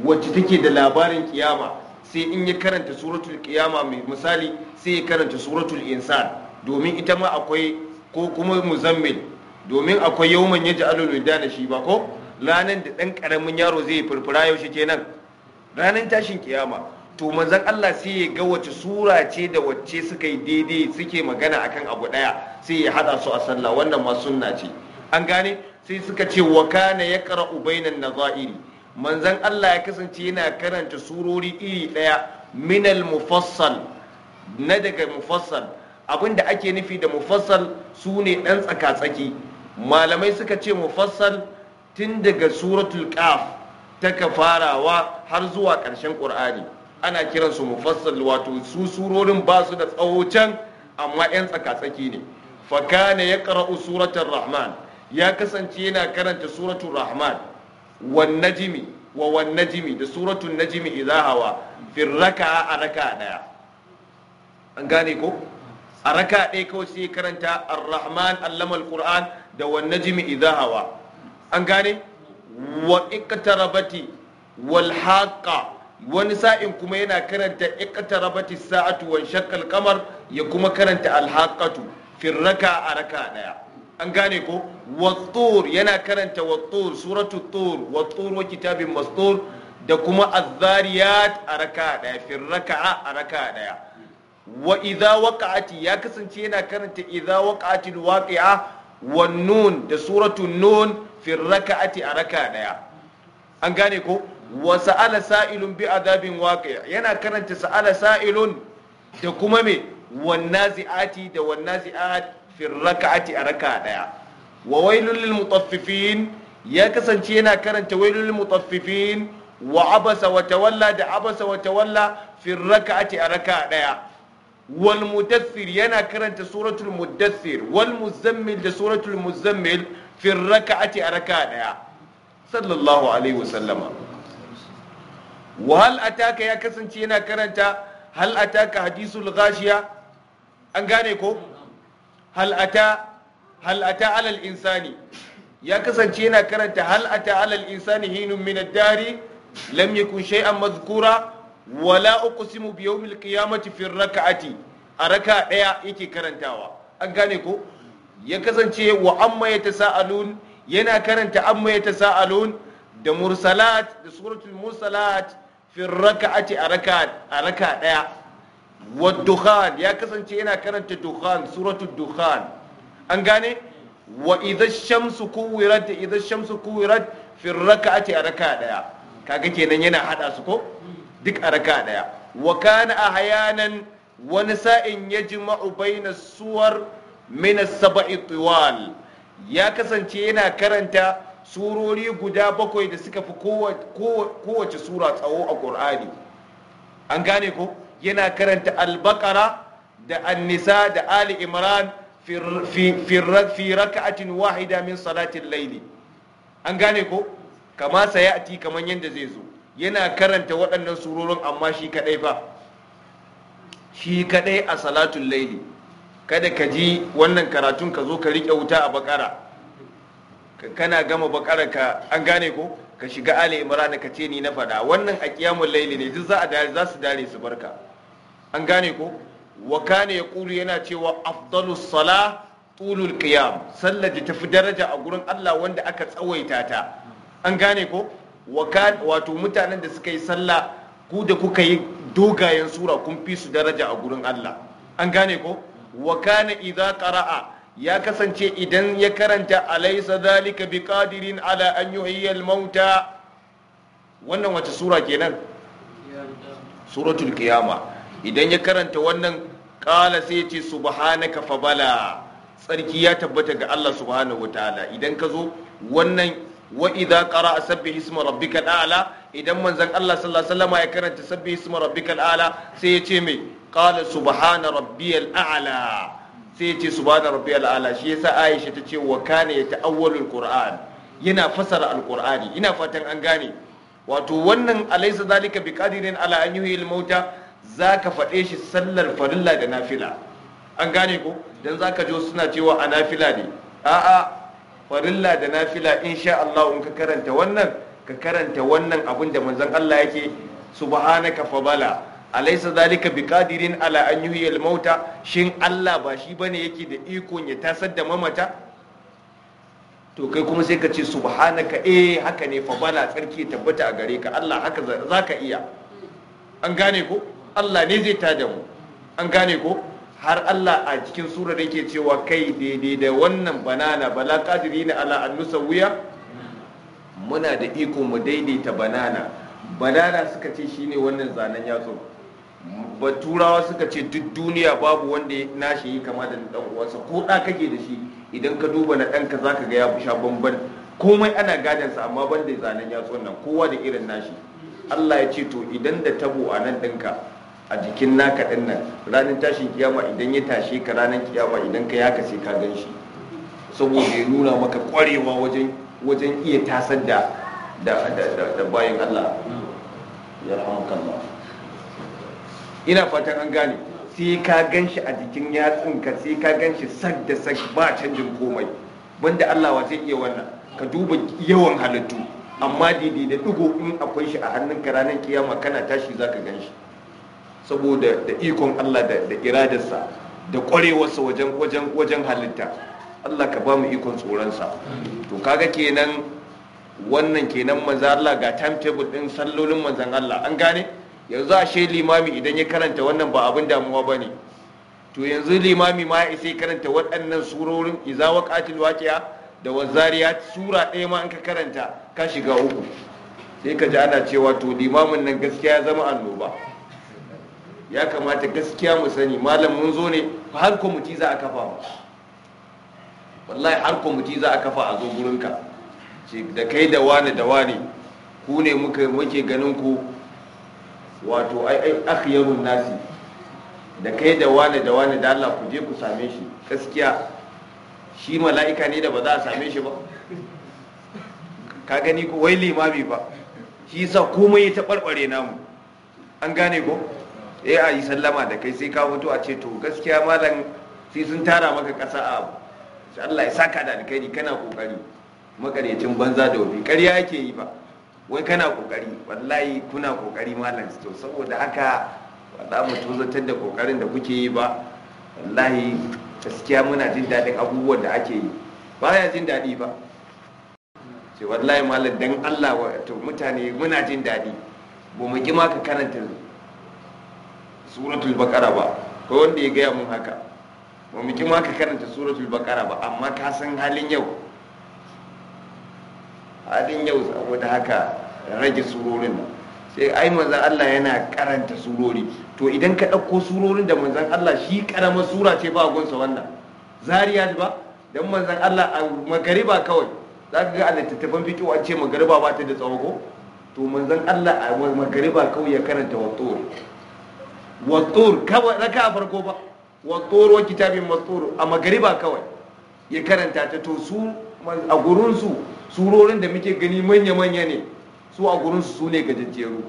wacce take da labarin kiyama sai in ya karanta suratul kiyama mai misali sai ya karanta suratul insan domin ita ma akwai ko kuma muzammil domin akwai yawman ya mai dana shi ba ko ranar da ɗan ƙaramin yaro zai furfura yaushe kenan ranar tashin kiyama to manzan Allah sai ya ga wace sura ce da wacce suka yi daidai suke magana akan abu ɗaya sai ya haɗa su a sallah wannan ma sunna ce an gane sai suka ce wa kana ya ubainan na nazairi manzon Allah ya kasance yana karanta surori iri ɗaya. minal mufassal na daga mufassal abinda ake nufi da mufassal su ne ɗan tsaka-tsaki malamai suka ce mufassal tun daga suratul kaf ta ka farawa har zuwa ƙarshen ƙur'ani ana kiransu mufassal wato su surorin ba su da tsawo can amma 'yan tsaka-tsaki ne kana ya ƙara'u suratul rahman ya kasance yana karanta suratul rahman wan najmi wa wan najmi da suratul najmi idza hawa fi raka'a a raka'a daya an gane ko a raka'a ɗaya kawai sai karanta ar-rahman allama al-qur'an da wan najmi idza hawa an gane wa iqtarabati wal haqa wani sa'in kuma yana karanta iqtarabati sa'atu wan shaqqal qamar ya kuma karanta al haqatu fi raka'a a raka'a daya an gane ko wattur yana karanta wattur suratu tur wattur wa kitabin mastur da kuma azzariyat a raka daya fil raka'a a raka daya wa idza waqa'ati ya kasance yana karanta idza waqa'atil waqi'a wan nun da suratu nun fil raka'ati a raka daya an gane ko wa sa'ala sa'ilun bi adabin waqi' yana karanta sa'ala sa'ilun da kuma me wan nazi'ati da wan nazi'at fi raka'ati a raka daya wa wailul lil mutaffifin ya kasance yana karanta wailul lil mutaffifin wa abasa wa tawalla da abasa wa tawalla fi raka'ati a raka daya wal mudaththir yana karanta suratul mudaththir wal muzammil da suratul muzammil fi raka'ati a raka daya sallallahu alaihi wa sallama wa hal ataka ya kasance yana karanta hal ataka hadisul ghashiya an gane ko hal'ata alal insani ya kasance yana karanta hal'ata alal insani hinun min dari lam yakun shay'an wala uqsimu bi yawmil qiyamati fi rak'ati a raka daya yake karantawa an gane ko ya kasance wa amma yatasaalun yana karanta amma yatasaalun da mursalat da suratul mursalat fi rak'ati a raka a raka daya wa ya kasance yana karanta duhan suratul duhan. an gane wa idza shamsu kuwirat idza shamsu kuwirat fi rak'ati a raka daya kaga kenan yana hada su ko duk a raka daya wa kana ahyanan wani sa'in yajma'u baina suwar min as-sab'i ya kasance yana karanta surori guda bakwai da suka fi kowace sura tsawo a ƙur'ani. an gane ko yana karanta albakara da annisa da ali imran fi raka'atin wahida min salatin laili an gane ko kama sayati kaman yadda zai zo yana karanta waɗannan surorin amma shi kadai fa shi kadai a salatun laili kada ka ji wannan karatun ka zo ka riƙe wuta a bakara kana gama bakara ka an gane ko ka shiga ali imran ka ce ni na faɗa wannan a kiyamun laili ne duk za a dare za su dare su barka an gane ko wa ya kulu yana cewa afdalus sala tulul qiyam sallar da tafi daraja a gurin Allah wanda aka tsawaita ta an gane ko wato mutanen da suka yi sallah ku da kuka yi dogayen sura kun fi su daraja a gurin Allah an gane ko wa kana idza qara'a ya kasance idan ya karanta alaysa zalika biqadirin ala an yuhyiya al-mauta wannan wace sura kenan suratul qiyamah idan ya karanta wannan kala sai ya ce subhanaka fa bala tsarki ya tabbata ga Allah subhanahu wataala idan ka zo wannan wa idza qara'a sabbih isma rabbikal a'la idan manzon Allah sallallahu alaihi wasallam ya karanta sabbih isma rabbikal a'la sai ya ce me qala subhana rabbiyal a'la sai ya ce subhana rabbiyal a'la shi yasa Aisha ta ce wa kana yata'awwalul qur'an yana fasara alqur'ani ina fatan an gane wato wannan alaysa zalika biqadirin ala an yuhil mauta za ka faɗe shi sallar farilla da nafila an gane ko don za ka jo suna cewa a nafila ne a'a farilla da nafila insha Allah in ka karanta wannan ka karanta wannan abin da manzon Allah yake subhanaka fabala alaysa zalika biqadirin ala an yuhyil mauta shin Allah ba shi ba bane yake da ikon ya tasar da mamata to kai kuma sai ka ce subhanaka eh haka ne fabala tsarki tabbata a gare ka Allah haka zaka iya an gane ko Allah ne zai tada mu an gane ko har Allah a cikin sura da yake cewa kai daidai da wannan banana bala kadiri ne ala an wuya? muna da iko mu daidaita banana banana suka ce shine wannan zanen yatsu ba turawa suka ce duk duniya babu wanda nashi yi kama da dan uwansa ko da kake da shi idan ka duba na ɗanka zaka ga ya fi sha bamban komai ana gadansa amma banda zanen yatsun nan kowa da irin nashi Allah ya ce to idan da tabo a nan ɗinka a jikin naka din nan ranar tashin kiyama idan ya tashe ka ranar kiyama idan ka yaka sai ka gan shi saboda ya nuna maka kwarewa wajen iya tasar da da bayan Allah ya Allah ina fatan an gane sai ka gan shi a jikin yatsunka sai ka gan shi sak da sak ba canjin komai banda Allah wa zai iya wannan ka duba yawan halittu amma daidai da dugo in akwai shi a hannun ranar kiyama kana tashi zaka gan shi saboda da ikon Allah da iradarsa da ƙwarewarsa wajen halitta Allah ka ba mu ikon tsoronsa to kaga kenan wannan kenan manzan Allah ga timetable din sallolin manzan Allah an gane yanzu a she limami idan ya karanta wannan ba abin damuwa ba ne to yanzu limami ma ya isa karanta waɗannan surorin iza waqatil waqi'a da wazariya sura ɗaya ma an ka karanta ka shiga uku sai ka ji ana cewa to limamin nan gaskiya ya zama annoba ya kamata gaskiya mu sani malam mun zo ne har kwamiti za a kafa mu wallahi har kwamiti za a kafa a zo gurinka da kai da wani da wani ku ne muke ganin ku wato ai akhyarun nasi da kai da wani da wani da Allah ku je ku same shi gaskiya shi mala'ika ne da ba za a same shi ba ka gani ko wai limami ba shi yasa komai ta barbare namu an gane ko ya eh, a yi sallama da kai sai ka fito a ce to gaskiya malam sai sun tara maka ƙasa a abu sai Allah ya saka da alkhairi kana kokari makaryacin banza da wani ƙarya yake yi ba wai kana kokari wallahi kuna kokari malam to saboda haka za mu tuzatar da kokarin da kuke yi ba wallahi gaskiya muna jin daɗin abubuwan da ake yi baya jin daɗi ba sai wallahi malam dan Allah to mutane muna jin daɗi ba mu ki ma ka karanta suratul baqara ba ko wanda ya gaya mun haka ba mu kima ka karanta suratul baqara ba amma ka san halin yau halin yau saboda haka rage surorin nan sai ai manzon Allah yana karanta surori to idan ka ɗauko surorin da manzon Allah shi karama sura ce ba gonsa wannan zariyat ba dan manzon Allah a magariba kawai za ka ga Allah tattafan fiƙi an ce magariba ba ta da tsawo ko to manzon Allah a magariba kawai ya karanta wa wattur kawai raka a farko ba wattur wa kitabin mattur a magari ba kawai ya karanta ta to su a gurinsu surorin da muke gani manya-manya ne su a gurinsu su ne gajajjeru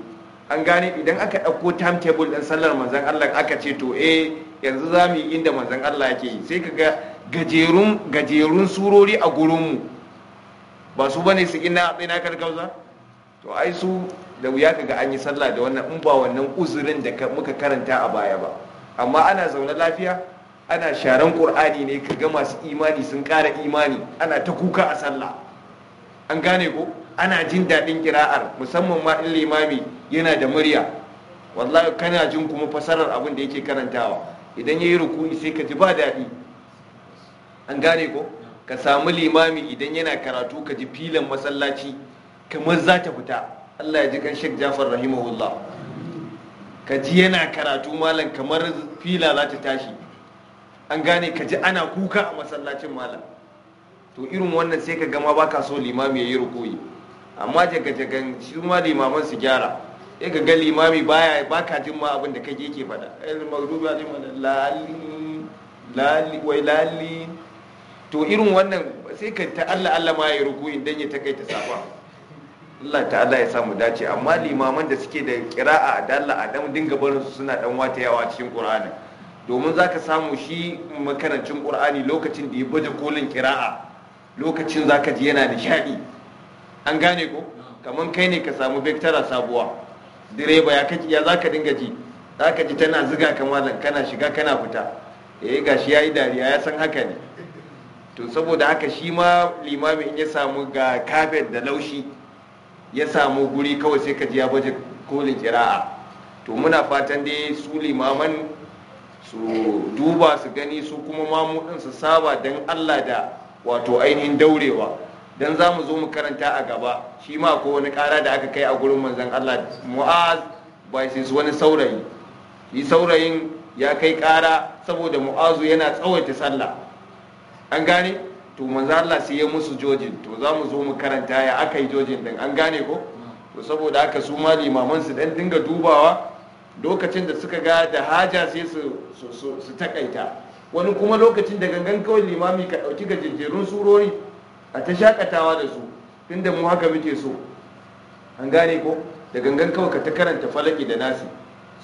an gane idan aka ɗauko timetable ɗin sallar manzan Allah aka ce to eh yanzu za mu yi inda manzan Allah yake yi sai ka ga gajerun gajerun surori a gurinmu ba su bane su ina tsina karkauza to ai su da wuya kaga an yi sallah da wannan in ba wannan uzurin da muka karanta a baya ba amma ana zaune lafiya ana sharan qur'ani ne kaga masu imani sun kara imani ana ta kuka a sallah an gane ko ana jin daɗin kira'ar musamman ma in limami yana da murya wallahi kana jin kuma fasarar abin da yake karantawa idan yayi ruku'i sai ka ji ba daɗi an gane ko ka samu limami idan yana karatu ka ji filan masallaci kamar za ta fita Allah ya ji kan Sheikh Jafar rahimahullah ka ji yana karatu malam kamar fila za ta tashi an gane ka ji ana kuka a masallacin malam to irin wannan sai ka gama ba ka so limami ya yi rukuyi amma daga daga shi ma limaman su gyara ya ga ga limami baya ba ka jin ma abin da kake yake faɗa irin magdubi alimin lali lali wai lali to irin wannan sai ka ta Allah Allah ma ya rukuyi dan ya takaita safa Allah ta'ala ya samu dace amma limaman da suke da kira'a da Allah adam dinga barin su suna dan wata yawa cikin Qur'ani domin zaka samu shi makarancin Qur'ani lokacin da ya baje kolin kira'a lokacin zaka ji yana nishadi an gane ko kaman kai ne ka samu bektara sabuwa direba ya kaci ya zaka dinga ji zaka ji tana ziga ka malam kana shiga kana fita eh gashi yayi dariya ya san haka ne to saboda haka shi ma limami in ya samu ga kafet da laushi ya samu guri kawai sai ka ji ya baje kolin kira'a to muna fatan dai su limaman su duba su gani su kuma mamu din su saba dan Allah da wato ainihin daurewa dan za mu zo mu karanta a gaba shi ma ko wani kara da aka kai a gurin manzon Allah Mu'az ba sai wani saurayi yi saurayin ya kai kara saboda Mu'azu yana tsawaita sallah an gane to manzo Allah sai ya musu jojin to za mu zo mu karanta ya aka yi jojin din an gane ko to saboda haka su ma limaman su dan dinga dubawa lokacin da suka ga da haja sai su su takaita wani kuma lokacin da gangan kawai limami ka dauki ga gajejjerun surori a ta shakatawa da su tunda mu haka muke so an gane ko da gangan kawai ka ta karanta falaki da nasi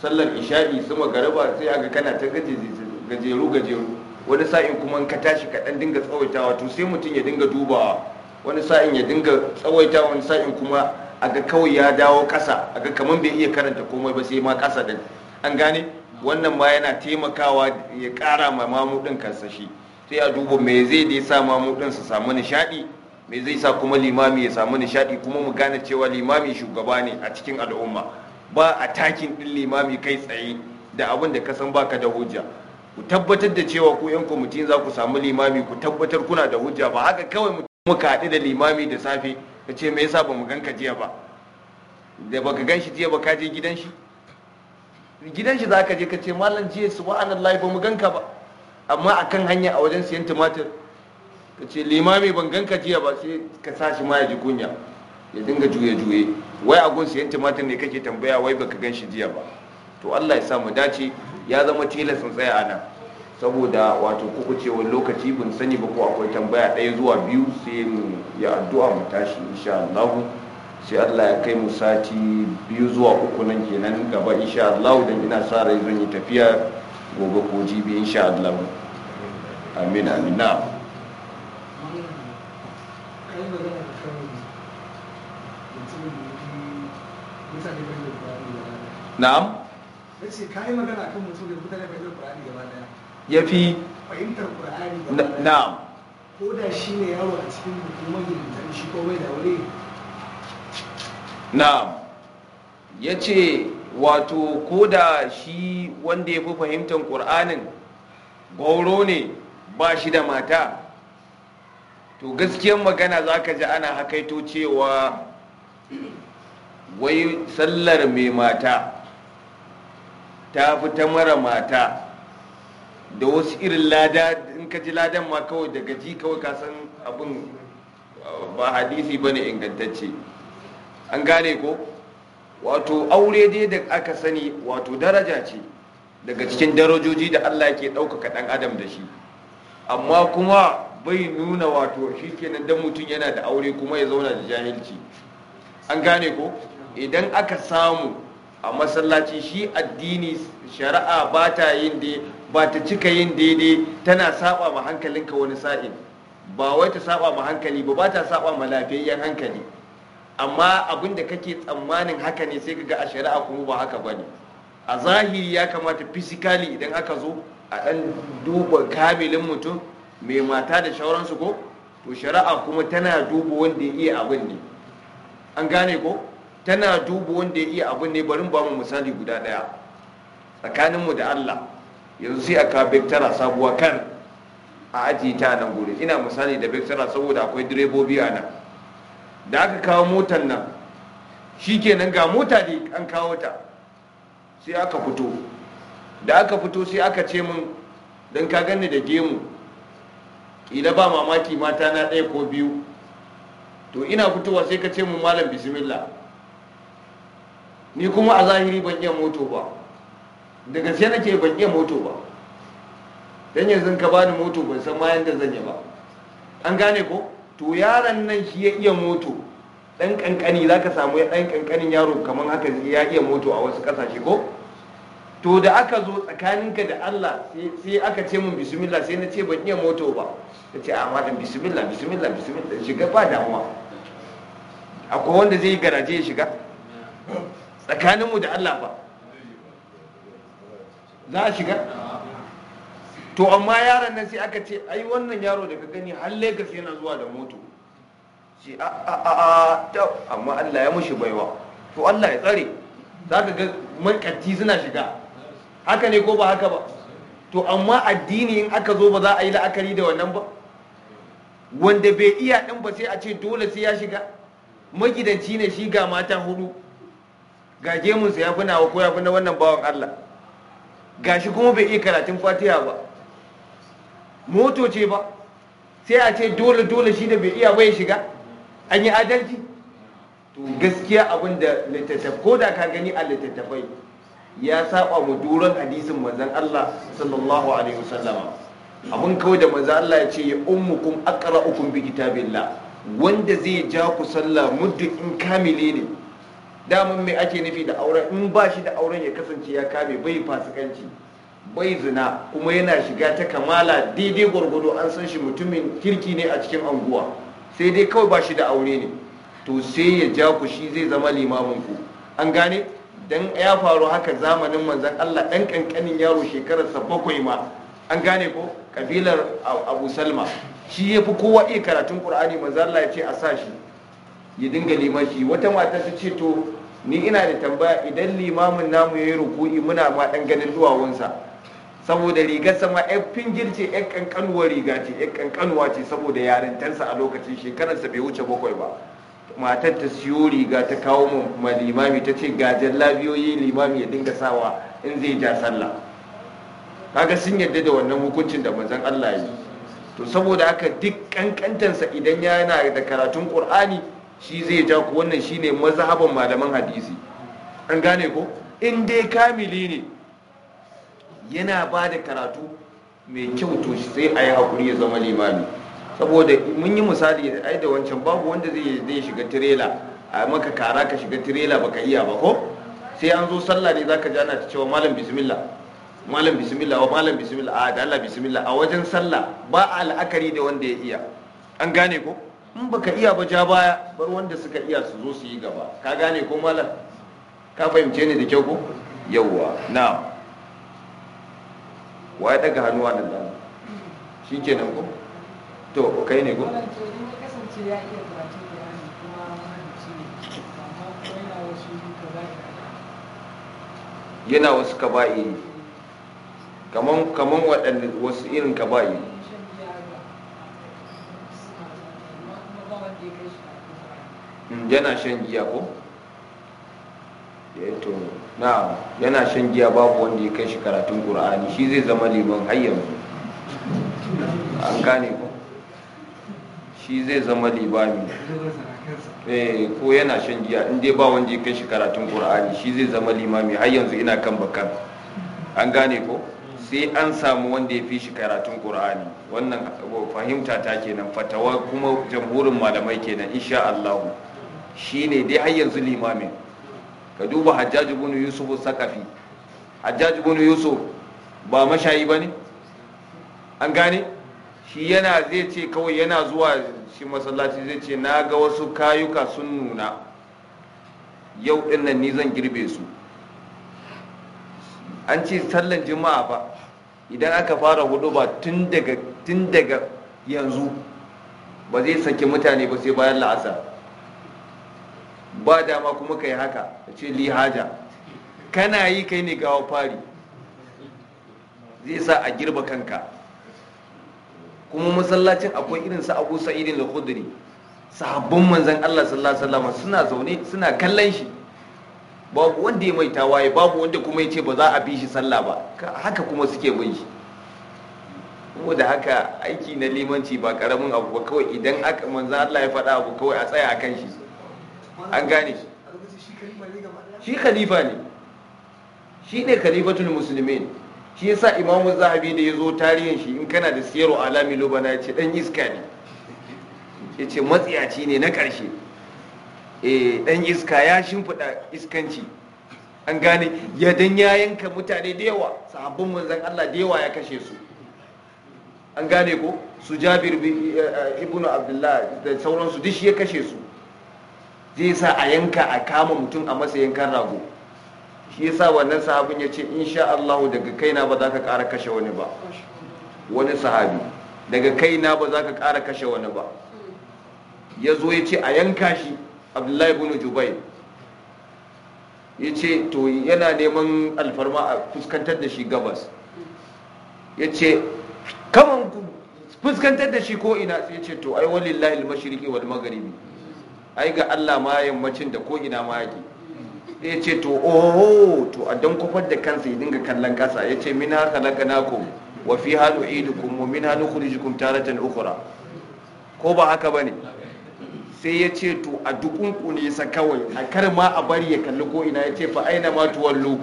sallar isha'i su magaraba sai aga kana ta gajeru gajeru wani sa'in kuma ka tashi kaɗan dinga tsawaitawa to sai mutum ya dinga dubawa wani sa'in ya dinga tsawaitawa wani sa'in kuma a ga kawai ya dawo ƙasa, a ga kamar bai iya karanta komai ba sai ma kasa da an gane wannan ma yana taimakawa ya ƙara ma mamudin kansa shi sai a duba me zai da sa mamudin su samu nishaɗi? me zai sa kuma limami ya samu nishaɗi? kuma mu gane cewa limami shugaba ne a cikin al'umma ba a takin ɗin limami kai tsaye da abin da ka san baka da hujja ku tabbatar da cewa ku yan kwamitin za ku samu limami ku tabbatar kuna da hujja ba haka kawai mu haɗu da limami da safe ka ce me yasa ba mu ganka jiya ba da baka gan shi jiya ba ka je gidan shi gidan shi za ka je ka ce malam jiya su layi ba mu ganka ba amma akan hanya a wajen siyan tumatir ka ce limami ban ganka jiya ba sai ka sa shi ma ya ji kunya ya dinga juye-juye wai a gun siyan tumatir ne kake tambaya wai baka gan shi jiya ba to Allah ya sa mu dace ya zama tilas tsaya a nan saboda wato kuku cewa lokaci bin sani ba ko akwai tambaya ɗaya zuwa biyu sai mu ya addu'a mu tashi insha Allah sai Allah ya kai mu sati biyu zuwa uku nan kenan gaba insha Allah dan ina sa rai zan yi tafiya gobe ko jibi insha Allah amin amin na na'am ya fi fahimtar ƙur'ani gaba ɗaya ko da shi ne yaro a cikin mutum magidantar shi ko bai da wuri na'am ya ce wato ko da shi wanda ya fi fahimtar ƙur'anin gauro ne ba shi da mata to gaskiyan magana za ka ji ana hakaito cewa wai sallar mai mata ta fi ta mara mata da wasu irin lada in ka ji ladan ma kawai daga ji kawai ka san abin uh, ba hadisi ba ne ingantacce an gane ko wato aure dai da aka sani wato daraja ce daga cikin darajoji da allah ke ɗaukaka ɗan adam da shi amma kuma bai nuna wato shi kenan don mutum yana da aure kuma ya zauna da jahilci an gane ko idan aka samu a masallaci shi addini shari'a ba ta yin da ba ta cika yin daidai tana saba ma hankalinka wani sa'in ba wai ta saba ma hankali ba ba ta saba ma lafiyayyen hankali amma abin da kake tsammanin haka ne sai kaga a shari'a kuma ba haka ba ne. a zahiri ya kamata fisikali idan aka zo a ɗan duba kamilin mutum mai mata da shauransu ko to shari'a kuma tana duba wanda ya iya abin ne an gane ko tana duba wanda ya iya abin ne barin ba mu misali guda daya tsakaninmu da Allah yanzu sai aka bektara sabuwa kan a aji ta nan gure ina misali da bektara saboda akwai direbobi a nan da aka kawo motar nan shi kenan ga mota ne an kawo ta sai aka fito da aka fito sai aka ce min don ka gani da gemu kila ba mamaki mata na ɗaya ko biyu to ina fitowa sai ka ce min malam bismillah ni kuma a zahiri ban iya moto ba daga sai nake ban iya moto ba dan yanzu ka bani moto ban san ma yanda zan yi ba an gane ko to yaron nan shi ya iya moto dan kankani zaka samu dan kankanin yaro kaman haka ya iya moto a wasu kasashe ko to da aka zo tsakaninka da Allah sai aka ce mun bismillah sai na ce ban iya moto ba ta ce ah, amma dan bismillah bismillah bismillah shiga ba damuwa akwai wanda zai garaje ya shiga tsakaninmu da Allah ba za a shiga to amma yaron nan sai aka ce ai wannan yaro da ka gani har Legas yana zuwa da moto shi a a a ta amma Allah ya mushi baiwa to Allah ya tsare za ka ga mankanci suna shiga haka ne ko ba haka ba to amma addini in aka zo ba za a yi la'akari da wannan ba wanda bai iya ɗin ba sai a ce dole sai ya shiga magidanci ne shi ga mata hudu ga gemunsa ya fi nawa ko ya fi na wannan bawan Allah gashi kuma bai iya karatun fatiha ba moto ce ba sai a ce dole dole shi da bai iya bai shiga an yi adalci to gaskiya abin da littattaf ko da ka gani a littattafai ya saba mu duran hadisin manzon Allah sallallahu alaihi wasallama abin kawai da manzon Allah ya ce ya ummukum aqra'ukum bi kitabillah wanda zai ja ku sallah muddin in kamile ne damun mai ake nufi da auren in ba shi da auren ya kasance ya kame bai fasikanci bai zina kuma yana shiga ta kamala daidai gwargwado an san shi mutumin kirki ne a cikin anguwa sai dai kawai ba shi da aure ne to sai ya ja ku shi zai zama limamin ku an gane dan ya faru haka zamanin manzon Allah dan kankanin yaro shekararsa bakwai ma an gane ko kabilar Abu Salma shi yafi kowa iya karatun Qur'ani manzon Allah ya ce a sa shi ya dinga shi wata mata ta ce to ni ina da tambaya idan limamin namu ya yi ruku'i muna ma dan ganin duwawunsa saboda rigar sama yan fingirce yan kankanuwa riga ce yan kankanuwa ce saboda yarintarsa a lokacin shekararsa bai wuce bakwai ba matar ta siyo riga ta kawo ma limami ta ce gajen labiyoyi limami ya dinga sawa in zai ja sallah kaga sun yarda da wannan hukuncin da mazan Allah ya yi to saboda haka duk kankantansa idan yana da karatun Qur'ani shi zai ja ku wannan shi ne mazhaban malaman hadisi an gane ko in dai kamili ne yana ba da karatu mai kyau to sai a yi hakuri ya zama limami saboda mun yi misali da ai da wancan babu wanda zai zai shiga tirela a maka kara ka shiga tirela baka iya ba ko sai an zo sallah ne zaka ji ana ta cewa malam bismillah malam bismillah wa malam bismillah a da Allah bismillah a wajen sallah ba a da wanda ya iya an gane ko in baka iya ba ja baya bar wanda suka iya su zo su yi gaba ka gane ko malam ka fahimce ni da kyau ko yawwa na wa ya daga hannuwa da nan shi ke nan ko to kai ne ko yana wasu kaba'i kaman waɗanda wasu irin kaba'i Mm, yana shan giya ko eh to na yana shan giya babu wanda ya kai shi karatun qur'ani shi zai zama liman har yanzu an gane ko shi zai zama libami eh ko yana shan giya in dai ba wanda ya kai shi karatun qur'ani shi zai zama limami har yanzu ina kan bakan an gane ko sai an samu wanda ya fi shi karatun qur'ani wannan fahimta ta kenan fatawa kuma jamhurin malamai kenan insha Allah shine dai har yanzu limamin ka duba Hajjaj ibn Yusuf sakafi. Hajjaj ibn Yusuf ba mashayi bane an gane shi yana zai ce kawai yana zuwa shi masallaci zai ce na ga wasu kayuka sun nuna yau dinnan ni zan girbe su an ce sallan juma'a ba idan aka fara hudu ba tun daga tun daga yanzu ba zai saki mutane ba sai bayan la'asar ba dama kuma kai haka a ce lihaja kana yi kai ne gawa fari zai sa a girba kanka kuma masallacin akwai irin sa abu sa'idin da khudri sahabban manzan Allah sallallahu alaihi wasallam suna zaune suna kallon shi babu wanda ya mai tawaye babu wanda kuma ya ce ba za a bi shi sallah ba haka kuma suke bin shi da haka aiki na limanci ba karamin abu ba kawai idan aka manzan Allah ya faɗa abu kawai a tsaya a kan shi an gane shi shi khalifa ne shi ne khalifatul musulmin shi yasa imamu zahabi da ya zo tarihin shi in kana da siyarwa alami lubana ya ce dan iska ne ya ce matsiyaci ne na ƙarshe dan eh, iska ya shimfiɗa iskanci an gane ya dan ya yanka mutane da yawa sahabbin manzan Allah da yawa ya kashe su an gane ko su jabir eh, eh, ibn abdullah da sauransu duk shi ya kashe su zai sa a yanka a kama mutum a masa yankan rago shi ya yasa wannan sahabin ya ce insha Allah daga kaina ba za ka ƙara kashe wani ba wani sahabi daga kaina ba za ka ƙara kashe wani ba ya zo ya ce a yanka shi abdullahi ibn jubai ya ce to yana neman alfarma a fuskantar da shi gabas ya ce kaman ku fuskantar da shi ko ina sai ce to ai walillahi al-mashriqi wal maghribi ai ga Allah ma yammacin da ko ina ma yake ya ce to oh to a dan kofar da kansa ya dinga kallon kasa ya ce min haka nakum wa fi halu idukum wa min halu khurijukum taratan ukhra ko ba haka bane sai ya ce to a ku ne sa kawai a kar ma a bari ya kalli ko ina ya ce fa aina ma tuwallu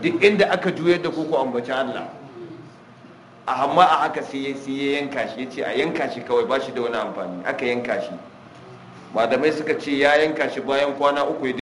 duk inda aka juyar da ku ku ambaci Allah amma a haka sai ya yanka shi ya ce a yanka shi kawai ba shi da wani amfani aka yanka shi malamai suka ce ya yanka shi bayan kwana uku